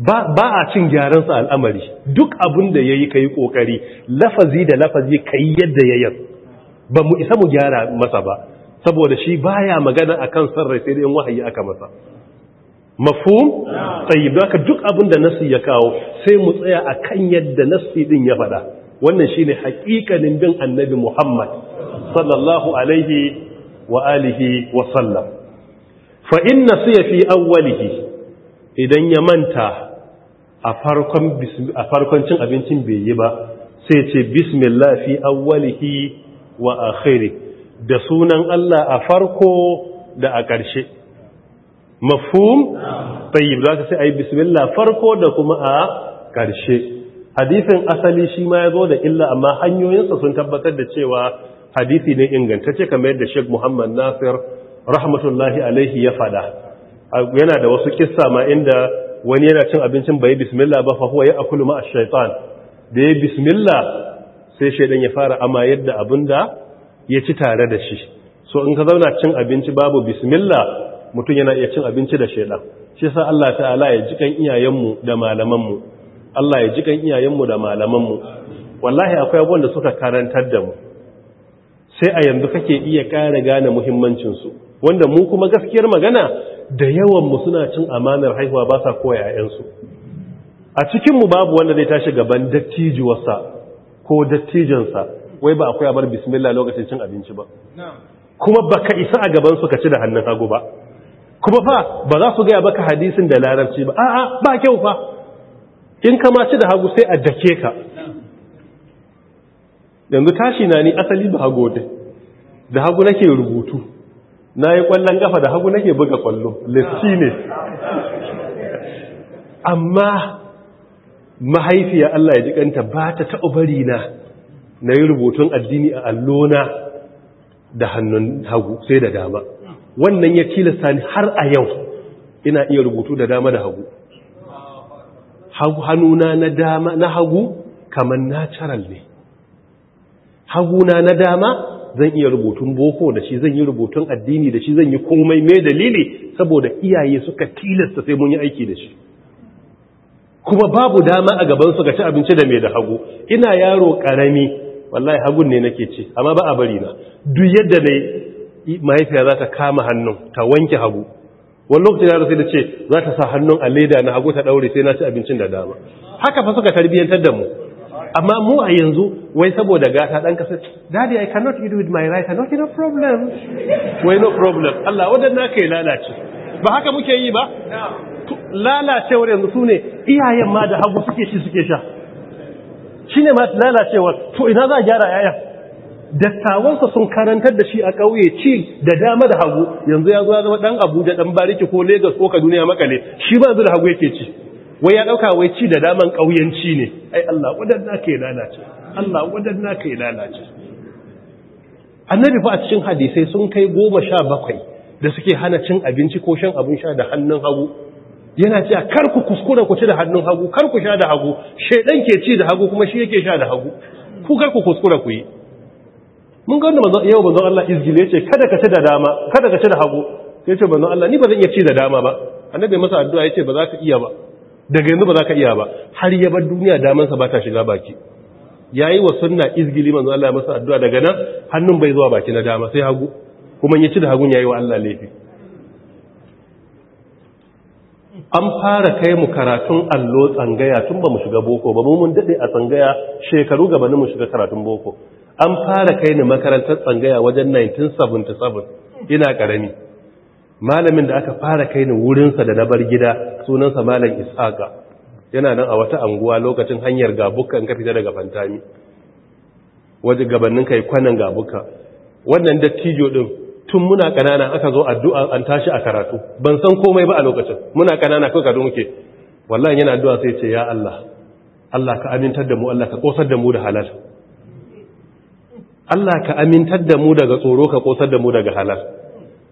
ba ba a cin gyaran sa al'amari duk abin da yayi kai kokari lafazi da lafazi kai yadda ya yayin ba mu isa mu gyara masa ba saboda shi baya magana akan sarrai sai in wahayi aka masa mafhum tayyib haka duk abin da na ya kawo sai mu tsaya a kan yadda nassi din ya faɗa wannan shine haƙiƙanin bin annabi Muhammad sallallahu alaihi wa alihi wa sallam fa inna siya fi awwalihi idan ya manta a farkon a farkon cin abincin bai yi ba sai ce bismillah fi awwalihi wa akhiri da sunan Allah a farko da a ƙarshe mafhum tayyib zaka sai ayi bismillah farko da kuma a karshe hadisin asali shi ma yazo da illa amma hanyoyinsa sun tabbatar da cewa hadisi ne ingantacce kamar yadda Sheikh Muhammad Nasir rahmatullahi alaihi ya fada yana da wasu kissa ma inda wani yana cin abincin bai bismillah ba fa huwa ya'kulu ma ash-shaytan da ya bismillah sai shaydan ya fara amma yadda abinda ya ci tare da shi so in ka zauna cin abinci babu bismillah mutum yana iya cin abinci da shaidan shi sa Allah ta'ala ya kan iyayenmu da malamanmu Allah ya jikan iyayenmu da malamanmu wallahi akwai abubuwan da suka karantar da mu sai a yanzu kake iya ƙara gane muhimmancin su wanda mu kuma gaskiyar magana da yawan mu suna cin amanar haihuwa ba sa koya su. a cikin mu babu wanda zai tashi gaban dattijuwarsa ko sa wai ba akwai abar bismillah lokacin cin abinci ba kuma baka isa a gaban su ka ci da hannun hagu ba kuma fa ba za su gaya baka hadisin da larabci ba a'a ba kyau fa in ka ma da hagu sai a dake ka yanzu tashi na ni asali da hagu da hagu nake rubutu na yi kwallon ƙafa da hagu nake buga kwallo lissi ne amma mahaifiya Allah ya jikanta ba ta taɓa bari na na yi rubutun addini a allona da hannun hagu sai da dama wannan ya tilasta ni har a yau ina iya rubutu da dama da hagu hannuna na dama na hagu kamar natural ne haguna na dama zan iya rubutun boko da shi zan yi rubutun addini da shi zan yi komai mai dalili saboda iyaye suka tilasta sai mun yi aiki da shi kuma babu dama a gaban su ga ci abinci da mai da hagu ina yaro karami wallahi hagun ne nake ce amma ba a bari na duk yadda ne mahaifiya za ta kama hannun ta wanke hagu wani lokacin yaro sai da ce za ta sa hannun a leda na hagu ta daure sai na ci abincin da dama haka fa suka tarbiyyantar da mu amma mu a yanzu wai saboda gata ɗan kasa daddy i cannot eat with my right hand okay no problem wai no problem Allah wadanna kai lalace ba haka muke yi ba lalacewar yanzu sune iyayen ma da hagu suke shi suke sha shine ma lalacewar to ina za a gyara yayan dattawansa sun karantar da shi a ƙauye ci da dama da hagu yanzu ya zo zama ɗan abuja ɗan bariki ko Legas ko kaduna ya makale shi ba zuwa hagu yake ci wai ya ɗauka wai ci da daman ƙauyenci ne ai allah waɗanda ka yi lalace allah waɗanda ka yi lalace annabi fa a cikin hadisai sun kai goma sha bakwai da suke hana cin abinci ko shan abin sha da hannun hagu yana cewa kar ku kuskura ku ci da hannun hagu kar ku sha da hagu shaidan ke ci da hagu kuma shi yake sha da hagu ku kar ku kuskura ku yi mun ga wanda yau manzon Allah izgile ce, kada ka ci da dama kada ka ci da hagu ce manzon Allah ni ba zan iya ci da dama ba annabi masa addu'a yace ba za ka iya ba daga yanzu ba za ka iya ba har ya bar duniya damansa ba ta shiga baki yayi wa sunna izgili manzon Allah masa addu'a daga nan hannun bai zuwa baki na dama sai hagu kuma ya ci da hagun yayi wa Allah laifi an fara kai mu karatun allo tsangaya tun ba mu shiga boko ba mu mun dade a tsangaya shekaru gaba ni mu shiga karatun boko an fara kai ni makarantar tsangaya wajen 1977 ina karami malamin da aka fara kai ni wurinsa da na bar gida sunansa malam Isaka, yana nan a wata anguwa lokacin hanyar gabukan ka fita daga fantami waje gabanin kai kwanan gabuka wannan dattijo din tun muna kanana aka zo addu'a an tashi a karatu ban san komai ba a lokacin muna kanana kai kado muke wallahi yana addu'a sai ce ya Allah Allah ka amintar da mu Allah ka kosar da mu da halal Allah ka amintar da mu daga tsoro ka kosar da mu daga halal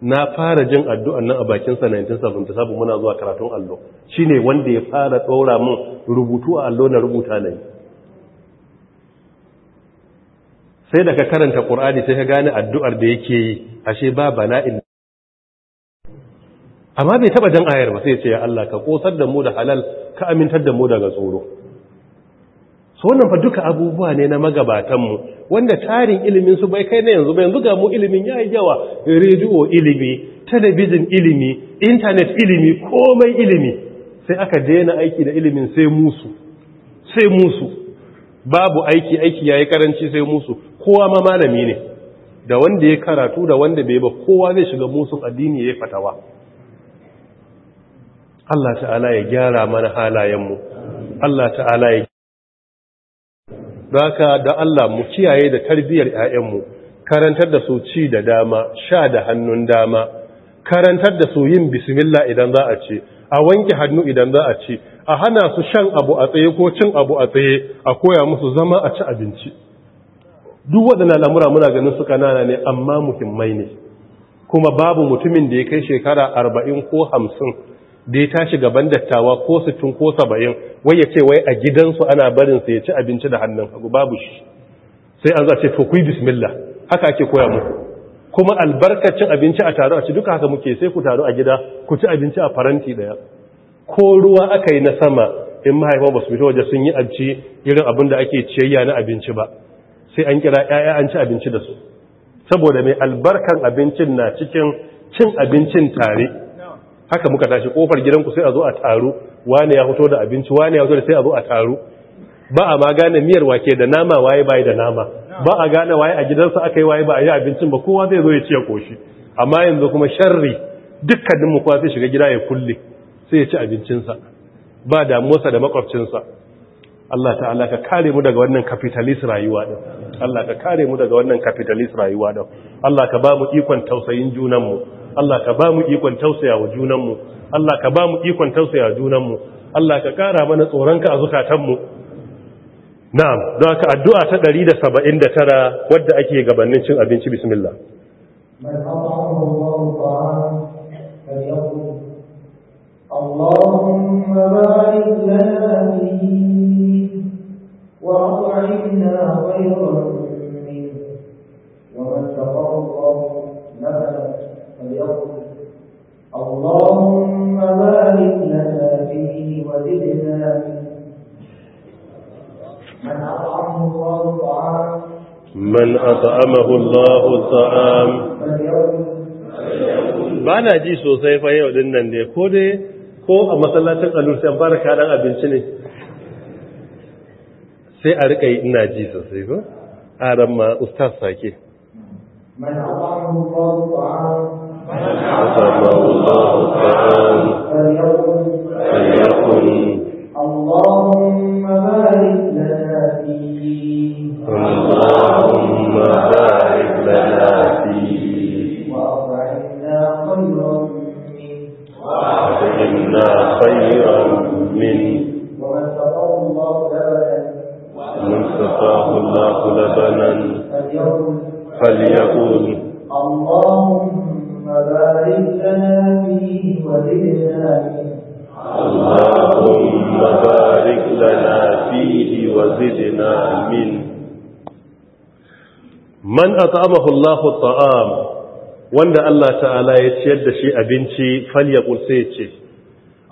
na fara jin addu'an nan a bakin sa 1977 muna zuwa karatun allo shine wanda ya fara tsora mun rubutu a allo na rubuta yi. sai daga karanta qur'ani sai ka gane addu'ar da yake yi ashe ba bala'in amma bai taba jan ayar ba sai ya ce ya Allah ka kosar da mu da halal ka amintar da mu daga tsoro so wannan fa duka abubuwa ne na magabatanmu wanda tarin ilimin su bai kai na yanzu ba yanzu ga mu ilimin ya yi yawa rediyo ilimi talabijin ilimi intanet ilimi komai ilimi sai aka daina aiki da ilimin sai musu sai musu babu aiki aiki ya yi karanci sai musu kowa ma malami ne da wanda ya karatu da wanda bai ba kowa zai shiga musu addini yi fatawa Allah ta'ala ya gyara mana halayenmu Allah ta'ala ya Zaka da Allah mu kiyaye da tarbiyyar ‘ya'yanmu karantar da su ci da dama sha da hannun dama karantar da su yin bismillah idan za a ce a wanke hannu idan za a ce a hana su shan abu a tsaye ko cin abu a tsaye a koya musu zama a ci abinci duk waɗannan lamura muna ganin su kanana ne amma muhimmai ne kuma babu mutumin da ya kai shekara arba'in ko hamsin da ya tashi gaban dattawa ko su ko saba'in wai ya ce wai a gidansu ana barin barinsa ya ci abinci da hannun hagu babu shi sai an zace ce to ku yi bismillah haka ake koya muku kuma albarkacin abinci a taro a ci duka haka muke sai ku taro a gida ku ci abinci a faranti daya ko ruwa aka yi na sama in mahaifa ba su fito waje sun yi abinci irin abin da ake ciyayya na abinci ba sai an kira ƴaƴa an ci abinci da su saboda mai albarkan abincin na cikin cin abincin tare haka muka tashi kofar gidanku sai a zo a taru wane ya fito da abinci wane ya fito da sai a zo a taru ba a ma gane miyar wake da nama waye bai da nama ba a gane waye a gidansa aka yi waye ba a yi abincin ba kowa zai zo ya ci ya koshi amma yanzu kuma sharri dukkanin mu kowa sai shiga gida ya kulle sai ya ci abincinsa ba damuwarsa da makwabcinsa Allah ta'ala ka kare mu daga wannan capitalist rayuwa din Allah ka kare mu daga wannan capitalist rayuwa din Allah ka ba mu ikon tausayin junan mu. Allah ka ba mu ikon tausaya wa junanmu Allah ka ba mu ikon tausaya wa junanmu Allah ka kara mana tsoronka a zukatanmu na'am za ka addu'a ta 179 wadda ake gabanin cin abinci bismillah اللهم بارك لنا فيه وأطعمنا يقل اللهم بارك لنا ba na ji sosai fa yau din nan ne ko dai ko a masallacin alur sai fara kaɗan abinci ne sai a rika yi ina ji sosai ba a ran ma ustaz sake من أطعمه الله طعام من أطعمه الله طعام فليقل فليقل اللهم بارك لنا فيه اللهم بارك لنا فيه وأطعمنا خيرا منه وأطعمنا خيرا منه ومن سقاه الله لبنا ومن سقاه الله لبنا فليقول اللهم بارك لنا فيه وزدنا منه اللهم بارك لنا فيه وزدنا منه من أطعمه الله الطعام wanda Allah ta'ala ya ciyar da shi abinci falyaqul sai ce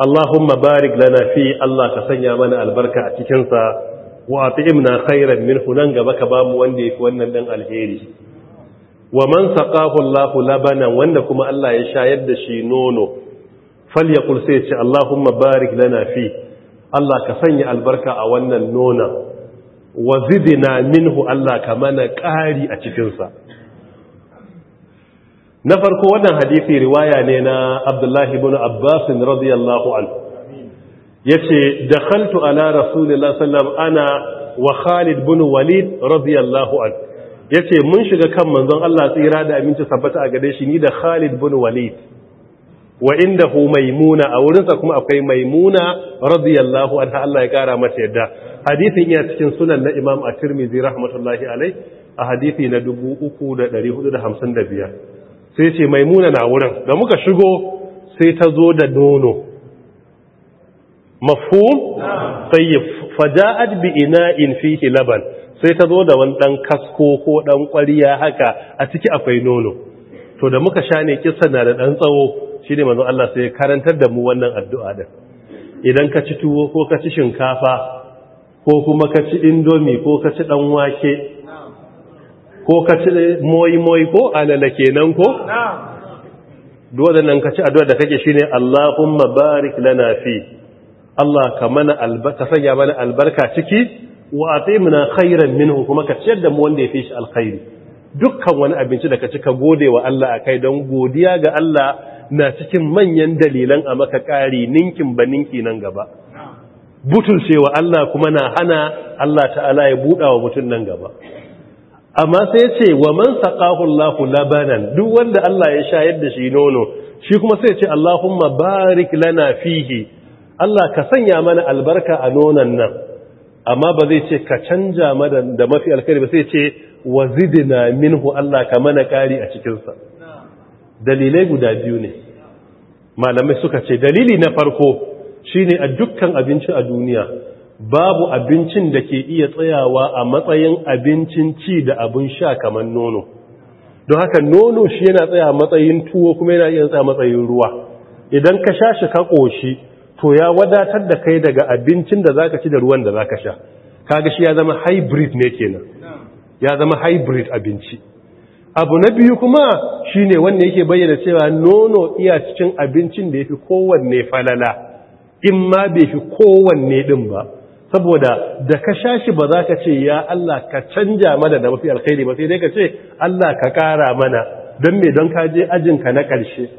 Allahumma barik lana fi Allah ka sanya mana albarka a cikin sa wa at'imna khairan minhu nan gaba ka bamu wanda yake wannan dan alheri wa man saqahu Allahu labanan wanda kuma Allah ya shayar da shi nono fal sai ce Allahumma barik lana fi Allah ka sanya albarka a wannan nona wa zidna minhu Allah ka mana ƙari a cikin sa na farko wannan hadisi riwaya ne na Abdullah ibn Abbas radiyallahu anhu yace dakhaltu ala rasulillahi sallallahu alaihi wasallam ana wa Khalid ibn Walid radiyallahu anhu ya ce mun shiga kan manzon Allah tsira da aminci sabbata a gare shi ni da Khalid bin Walid wa inda hu maimuna a wurinsa kuma akwai maimuna radiyallahu anha Allah ya kara mata yadda hadisin ya cikin sunan na Imam At-Tirmidhi rahmatullahi alai a hadisi na 3455 sai ce maimuna na wurin da muka shigo sai ta zo da nono mafhum tayyib faja'at bi ina'in fihi laban sai ta zo da wani ɗan kasko ko ɗan ƙwariya haka a ciki akwai nono to da muka sha ne kisa na da ɗan tsawo shi ne mazan Allah sai karantar da mu wannan addu'a ɗin idan ka ci tuwo ko ka ci shinkafa ko kuma ka ci indomi ko ka ci ɗan wake ko ka ci moyi ko alala kenan ko nan ka ci addu'a da kake shi ne Allahumma barik lana fi Allah ka sanya mana albarka ciki wa na khairan minhu kuma ka ciyar da mu wanda ya fi shi alkhairi dukkan wani abinci da ka ci ka gode wa Allah a kai don godiya ga Allah na cikin manyan dalilan a maka ƙari ninkin ba ninki nan gaba butulcewa Allah kuma na hana Allah ta'ala ya buɗa wa mutum nan gaba amma sai ya ce wa man saqahu Allah labanan duk wanda Allah ya shayar da shi nono shi kuma sai ya ce Allahumma barik lana fihi Allah ka sanya mana albarka a nonon nan amma ba zai ce ka canja mana da mafi alkari ba sai ce wa na minhu Allah ka mana kari a cikinsa. dalilai guda biyu ne malamai suka ce dalili na farko shine a dukkan abinci a duniya babu abincin da ke iya tsayawa a matsayin abincin ci da abin sha kamar nono don haka nono shi yana tsaya matsayin tuwo kuma yana iya tsaya matsayin ruwa idan ka sha shi ka koshi to ya wadatar da kai daga abincin da zaka ci da ruwan da ka sha kaga shi ya zama hybrid ne kenan ya zama hybrid abinci abu na biyu kuma shine wanda yake bayyana cewa nono iya cikin abincin da yafi kowanne falala in ma bai fi kowanne din ba saboda da ka sha shi ba za ka ce ya Allah ka canja mana da mafi alkhairi ba sai dai ka ce Allah ka kara mana don me don ka je ajinka na ƙarshe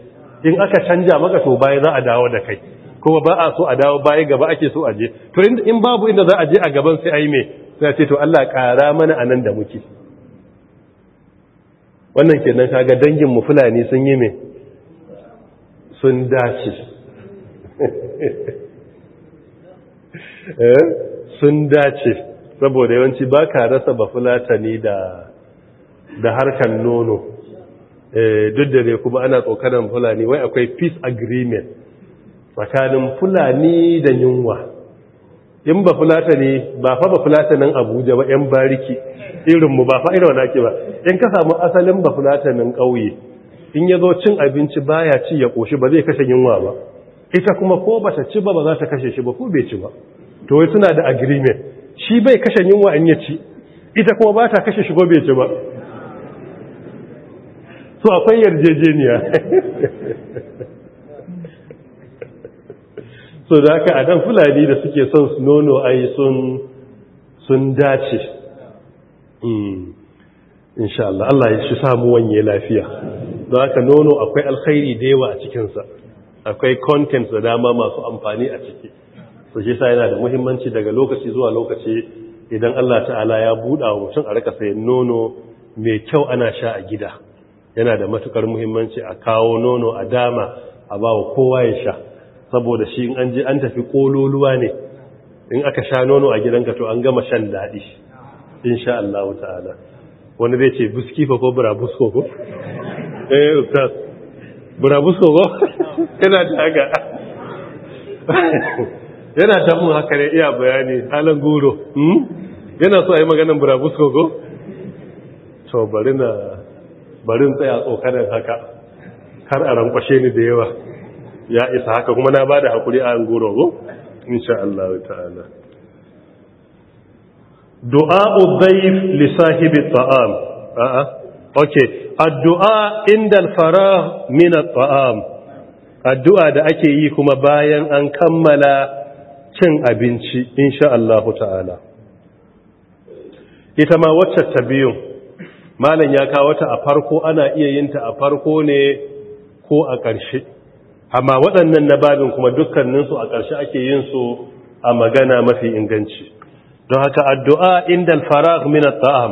in aka canja maka to baya za a dawo da kai kuma ba a so a dawo baya gaba ake so a je to in babu inda za a je a gaban sai ai me sai ce to Allah kara mana anan da muke wannan kenan kaga dangin mu fulani sun yi me sun dace *laughs* eh sun dace saboda yawanci ba ka rasa ba fulatani da da harkan nono eh duk da dai kuma ana tsokanan fulani wai akwai peace agreement tsakanin fulani da yunwa in ba fulata ne ba fa ba fulata nan abuja ba 'yan bariki irinmu ba fa irin ake ba in ka samu asalin ba fulata nan ƙauye in ya zo cin abinci ba ya ci ya ƙoshi ba zai kashe yunwa ba ita kuma ko ba ta ci ba ba za ta kashe shi ba ko bai ci ba to wai suna da agreement shi bai kashe yunwa in ya ci ita kuma ba ta kashe shi ko bai ci ba so akwai yarjejeniya *laughs* so da aka adan fulani da suke son su nono a yi sun dace mm. insha Allah ya shi samu wanye lafiya don aka nono akwai alkhairi da yawa a cikinsa akwai content da dama masu amfani a ciki so shi sa yana da muhimmanci daga lokaci zuwa lokaci idan Allah ta'ala ya buɗa wa mutum a raka sayan nono mai kyau ana sha a gida yana da matukar muhimmanci a kawo nono a dama a bawa kowa ya sha saboda shi an ji an tafi kololuwa ne in aka sha nono a gidanka to an gama shan daɗi insha Allah ta'ala wani zai ce buski fa ko burabusko ko eh ustaz burabusko ko yana da haka yana ta mun haka ne iya bayani halin goro hmm? yana so a yi maganin burabusko ko to bari na barin tsaya tsokanin haka har a rankwashe ni da yawa ya isa haka kuma na ba da haƙuri a gorogo insha Allah ta'ala du'a udhaif li sahibi ta'am a'a addu'a inda al-faragh min taam addu'a da ake yi kuma bayan an kammala cin abinci insha Allah ta'ala ita ma wacce ta biyun malam ya kawo ta a farko ana iya yinta a farko ne ko a ƙarshe amma waɗannan na babin kuma dukkaninsu a ƙarshe ake yin su a magana mafi inganci don haka addu'a inda al-faraq min ta'am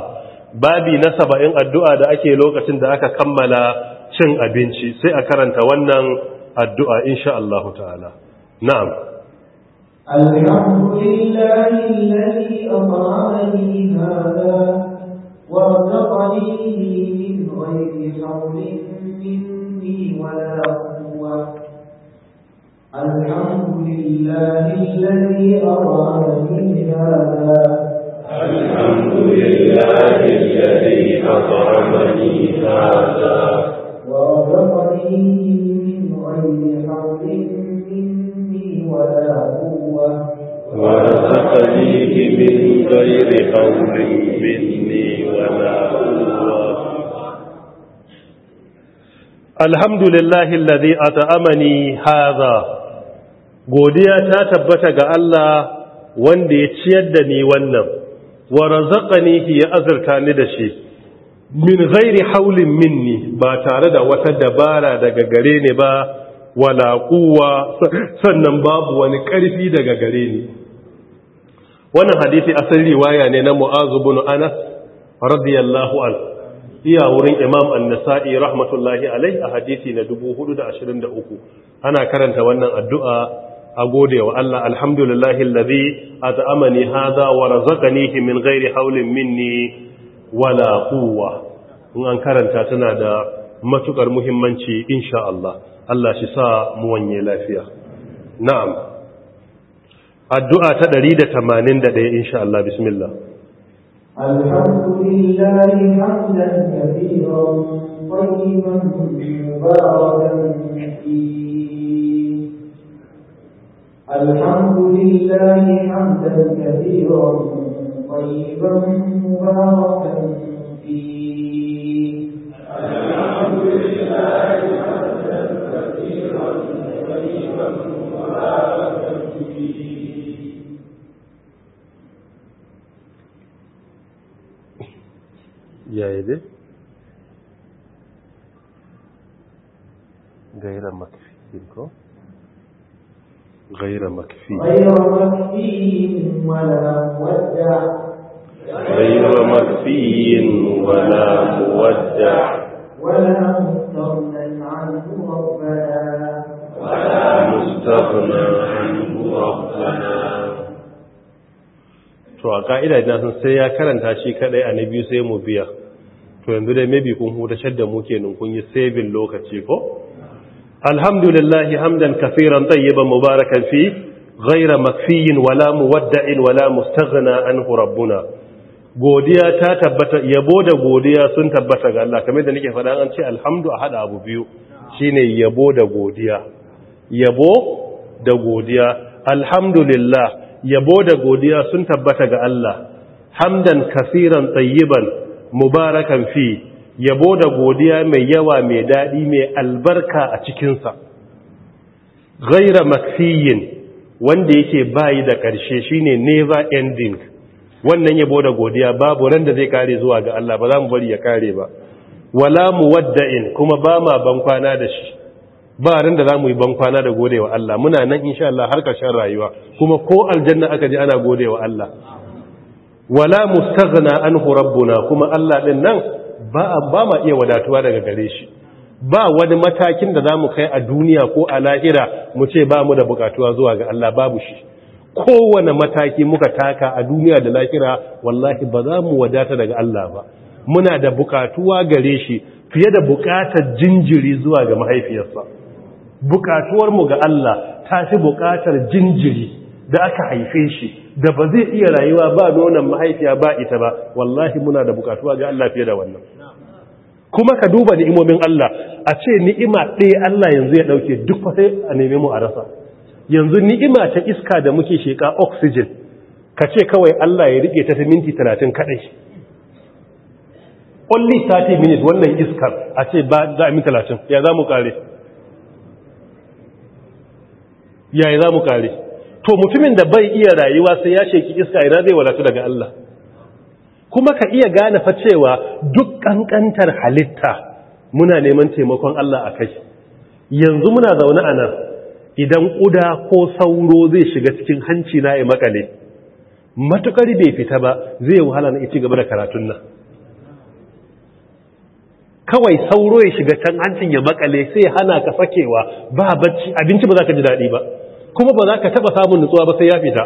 babi na saba'in addu'a da ake lokacin da aka kammala cin abinci sai a karanta wannan addu'a insha Allah ta'ala na'am الحمد لله الذي أطعمني هذا وارزقني من غير الحمد لله الذي أرادني هذا الحمد لله الذي أطعمني هذا ورزقني من غير حول مني ولا قوة ورزقني من غير حول مني ولا قوة الحمد لله الذي أطعمني هذا godiya ta tabbata ga Allah wanda ya ciyar da ni wannan wa razaqani ya azurta ni da shi min ghairi haulin minni ba tare da wata dabara daga gare ni ba wala quwwa sannan babu wani karfi daga gare ni wannan hadisi asali riwaya ne na Mu'az ibn Anas radiyallahu An, iya wurin imam an An-Nasa'i rahmatullahi Alaih, a hadisi na 423 ana karanta wannan addu'a a gode wa Allah alhamdulillahi alladhi at'amani hadha wa razaqanihi min ghairi hawlin minni wala quwwa in an karanta tana da matukar muhimmanci insha Allah Allah shi sa mu wanye lafiya na'am addu'a ta 181 insha Allah bismillah alhamdulillahi hamdan kabiran tayyiban mubarakan fihi الحمد لله حمدا كثيرا طيبا مباركا فيه الحمد لله حمدا كثيرا طيبا مباركا فيه غير مكفي غير مكفي ولا مودع غير ولا مودع ولا مستغنى عنه ربنا ولا مستغنى عنه ربنا to a ƙa'ida ina sun sai ya karanta shi kadai a na biyu sai mu biya to yanzu dai maybe kun hutar da mu kenan kun yi saving lokaci ko الحمد لله حمدا كثيرا طيبا مباركا فيه غير مكفي ولا مودع ولا مستغنى عنه ربنا godiya ta tabbata yabo da godiya sun tabbata ga Allah kamar da nake faɗa an ce alhamdu a hada abu biyu shine yabo da godiya yabo da godiya alhamdulillah yabo da godiya sun tabbata ga Allah hamdan kaseeran tayyiban mubarakan fi yabo da godiya mai yawa mai daɗi mai albarka a cikinsa gaira maksiyin wanda yake bayi da ƙarshe shine never ending wannan yabo da godiya babu ran da zai kare zuwa ga Allah ba za mu bari ya kare ba wala muwadda'in kuma ba ma bankwana da shi ba ran da za mu yi bankwana da godewa Allah muna nan insha Allah har karshen rayuwa kuma ko aljanna aka ji ana godewa Allah wala mustaghna anhu rabbuna kuma Allah din nan ba ma iya wadatuwa daga gare shi ba wani matakin da za mu kai a duniya ko a lahira mu ce ba mu da bukatuwa zuwa ga Allah babu shi kowane mataki muka taka a duniya da la'ira wallahi ba za mu wadata daga Allah ba muna da bukatuwa gare shi fiye da bukatar jinjiri zuwa ga mahaifiyarsa bukatuwar mu ga Allah ta fi bukatar jinjiri da aka haife shi da ba zai iya rayuwa ba nonon mahaifiya ba ita ba wallahi muna da bukatuwa ga Allah fiye da wannan kuma ka duba ni'imomin Allah a ce ni'ima ɗaya Allah yanzu ya ɗauke duk kwasai a neme mu a rasa yanzu ni'ima ta iska da muke sheka oxygen ka ce kawai Allah ya riƙe ta minti talatin kaɗai only 30 minutes wannan iskar a ce ba za a min talatin ya za mu kare ya za mu kare to mutumin da bai iya rayuwa sai ya sheki iska ina zai wadatu daga Allah kuma ka iya gane fa cewa duk kankantar halitta muna neman taimakon Allah a kai yanzu muna zaune a nan idan ƙuda ko sauro zai shiga cikin hanci na ya makale matukar bai fita ba zai wahala na ci gaba da karatun nan kawai sauro ya shiga can hancin ya makale sai hana ka sakewa ba bacci abinci ba za ka ji daɗi ba kuma ba za ka taɓa samun nutsuwa ba sai ya fita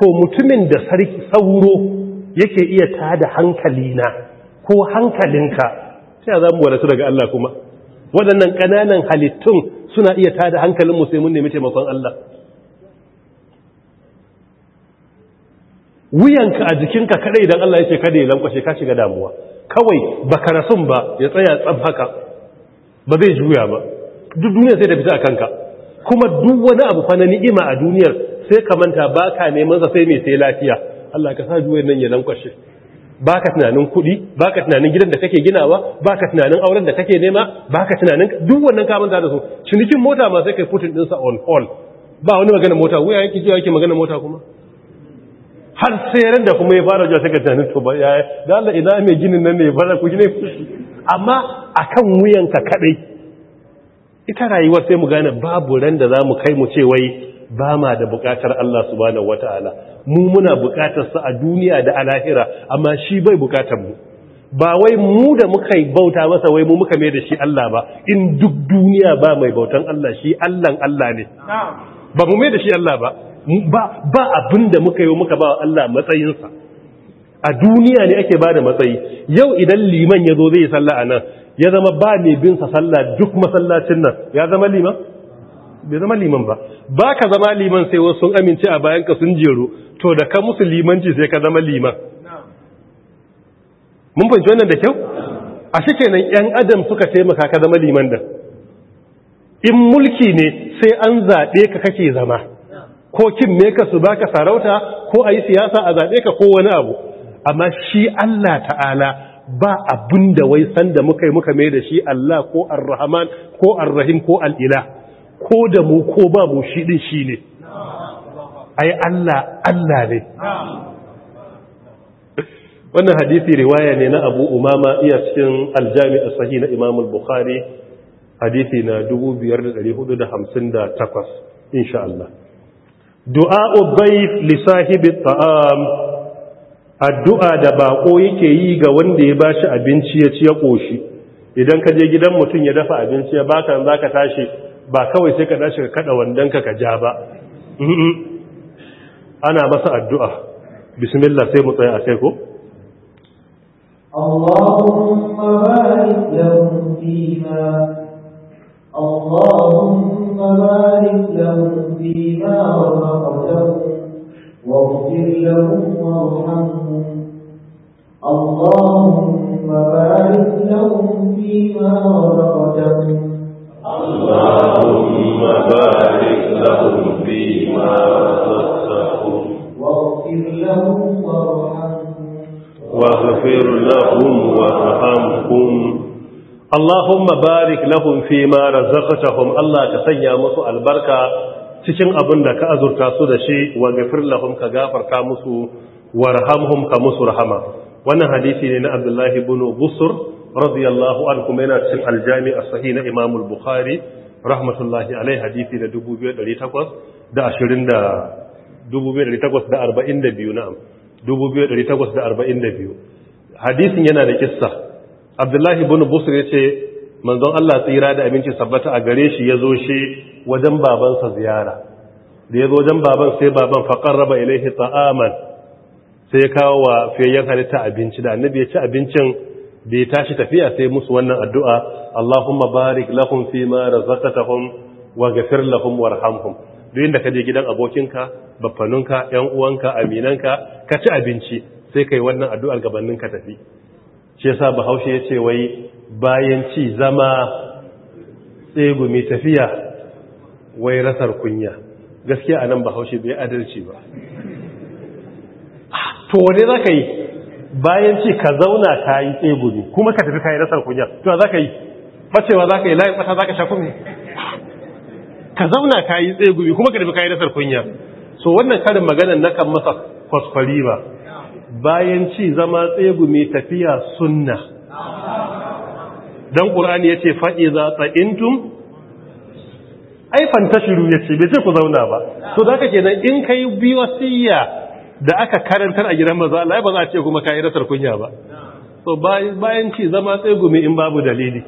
to mutumin da sauro yake iya tada hankali na, ko hankalinka sai za mu wadatu daga Allah kuma waɗannan ƙananan halittun suna iya tada hankalin mu sai mun nemi taimakon Allah wuyanka a jikinka kada idan Allah ya ce kada ya lankwashe ka shiga damuwa kawai baka rasun ba ya tsaya tsab haka ba zai juya ba duk duniya sai da fita a kanka kuma duk wani abu fa na ni'ima a duniyar sai ka manta baka neman sa sai mai sai lafiya Allah ka sa juwayen nan ya lankwashe ka tunanin kuɗi ka tunanin gidan da kake ginawa ba ka tunanin auren da kake nema ba ka tunanin duk wannan kaman da su cinikin mota ma sai kai putin din sa on all ba wani magana mota wuya yake jiya yake magana mota kuma har sai ran da kuma ya fara jiya sai ka tunanin to ba ya da Allah ina mai ginin nan ne ya fara ku gine amma akan wuyanka kadai ita rayuwar sai mu gane babu ran da za mu kai mu ce wai ba ma da bukatar Allah subhanahu wata'ala mu muna bukatar sa a duniya da a amma shi bai bukatar mu ba wai mu da muka bauta masa wai mu muka mai da shi Allah ba in duk duniya ba mai bautan Allah shi Allahn Allah ne ba mu mai da shi Allah ba ba abin da muka yi muka ba Allah matsayinsa a duniya ne ake ba da matsayi yau idan liman ya zo zai sallah anan, ya zama ba bin sa sallah duk masallacin nan ya zama liman bai zama liman ba ba ka zama liman sai wasu sun amince a bayan ka sun jero to da ka musu limanci sai ka zama liman mun fahimci wannan da kyau a shi kenan yan adam suka taimaka ka zama liman da in mulki ne sai an zaɓe ka kake zama ko kin me ka su ba ka sarauta ko a yi siyasa a zaɓe ka ko wani abu amma shi Allah ta'ala ba abin da wai sanda muka yi muka mai da shi Allah ko ar ko ar-Rahim ko al-Ilah ko da mu ko ba mu shi din shi ne ai Allah Allah ne wannan hadisi riwaya ne na Abu Umama iya cikin Al-Jami' as-Sahih na Imam al-Bukhari hadisi na 2458 insha Allah Du'a dhayf li sahibi at-ta'am addu'a da bako yake yi ga wanda ya bashi abinci ya ci ya koshi idan ka je gidan mutum ya dafa abinci ya baka zaka tashi ba kawai sai ka dace ka kada wandanka ka ja ba *laughs* ana masa addu'a bismillah sai mu tsaya a sai ko Allahumma barik lahum fiha Allahumma barik lahum fiha wa rahmatuhum wa ghfir lahum warhamhum Allahumma barik lahum fiha wa rahmatuhum اللهم بارك لهم فيما رزقتهم واغفر لهم وارحمهم واغفر لهم وارحمهم اللهم بارك لهم فيما رزقتهم الله تسيا musu albarka cikin abin da ka azurta su da shi wa gafir lahum ka gafarta musu warhamhum ka musu rahama wannan hadisi ne na Abdullahi ibn Busr radiyallahu an kuma yana cikin aljami a sahi na imamul bukhari rahmatullahi alai hadisi da 2842 na'am 2842 hadisin yana da kissa abdullahi ibn busr yace manzon Allah tsira da abinci sabbata a gare shi yazo shi wajen babansa ziyara da yazo wajen baban sai baban faqarraba ilaihi ta'aman sai ya kawo wa fiyayyen halitta abinci da annabi ya ci abincin Bai tashi tafiya sai musu wannan addu'a Allahumma barik lahum fi ma razaqtahum wa ghafir lahum warhamhum duk inda kaje gidan abokinka baffanunka ƴan uwanka aminanka ka ci abinci sai kai wannan addu'ar gabanin ka tafi shi yasa bahaushe ce wai bayan ci zama tsegumi tafiya wai rasar kunya gaskiya anan bahaushe bai adalci ba ah, to wane ka yi bayan ce ka zauna ka yi tsegumi kuma ka tafi kayi nasar kunyar to za ka yi bacewa za ka yi layin ɓata za ka sha ka zauna ka yi tsegumi kuma ka tafi kayi nasar kunyar. so wannan karin maganar na kan masa kwaskwari ba bayan ci zama tsegumi tafiya sunna don ƙur'ani ya ce faɗi za tsa'intum ai fantashiru ya ce bai ce ku zauna ba so da ke kenan in ka yi biwasiyya da aka karantar a gidan maza Allah ba za a ce kuma kayi rasar kunya ba so bayan ci zama tsegumi in babu dalili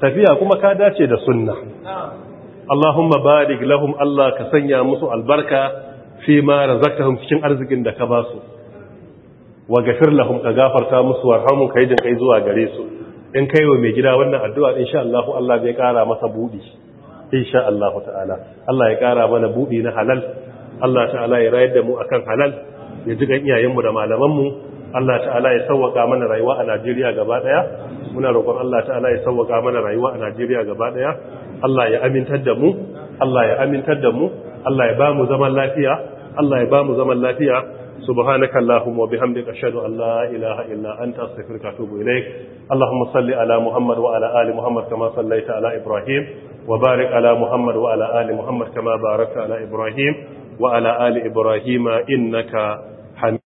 tafiya kuma ka dace da sunna Allahumma barik lahum Allah ka sanya musu albarka fi ma razaqtahum cikin arzikin da ka ba su wa gafir lahum ka gafarta musu warhamu kai jin kai zuwa gare su in kai wa mai gida wannan addu'a insha Allah Allah zai kara masa budi insha Allah ta'ala Allah ya kara mana budi na halal Allah ta'ala ya rayar da mu akan halal ya ji kan iyayenmu da malamanmu Allah ta'ala ya sauwaka mana rayuwa a Najeriya gaba daya muna roƙon Allah ta'ala ya sauwaka mana rayuwa a Najeriya gaba daya Allah ya amintar da mu Allah ya amintar da mu Allah ya ba mu zaman lafiya Allah ya ba mu zaman lafiya سبحانك اللهم وبحمدك أشهد أن لا إله إلا أنت أستغفرك وأتوب إليك اللهم صل على محمد وعلى آل محمد كما صليت على إبراهيم وبارك على محمد وعلى آل محمد كما باركت على Ibrahim. wa ala ali naka innaka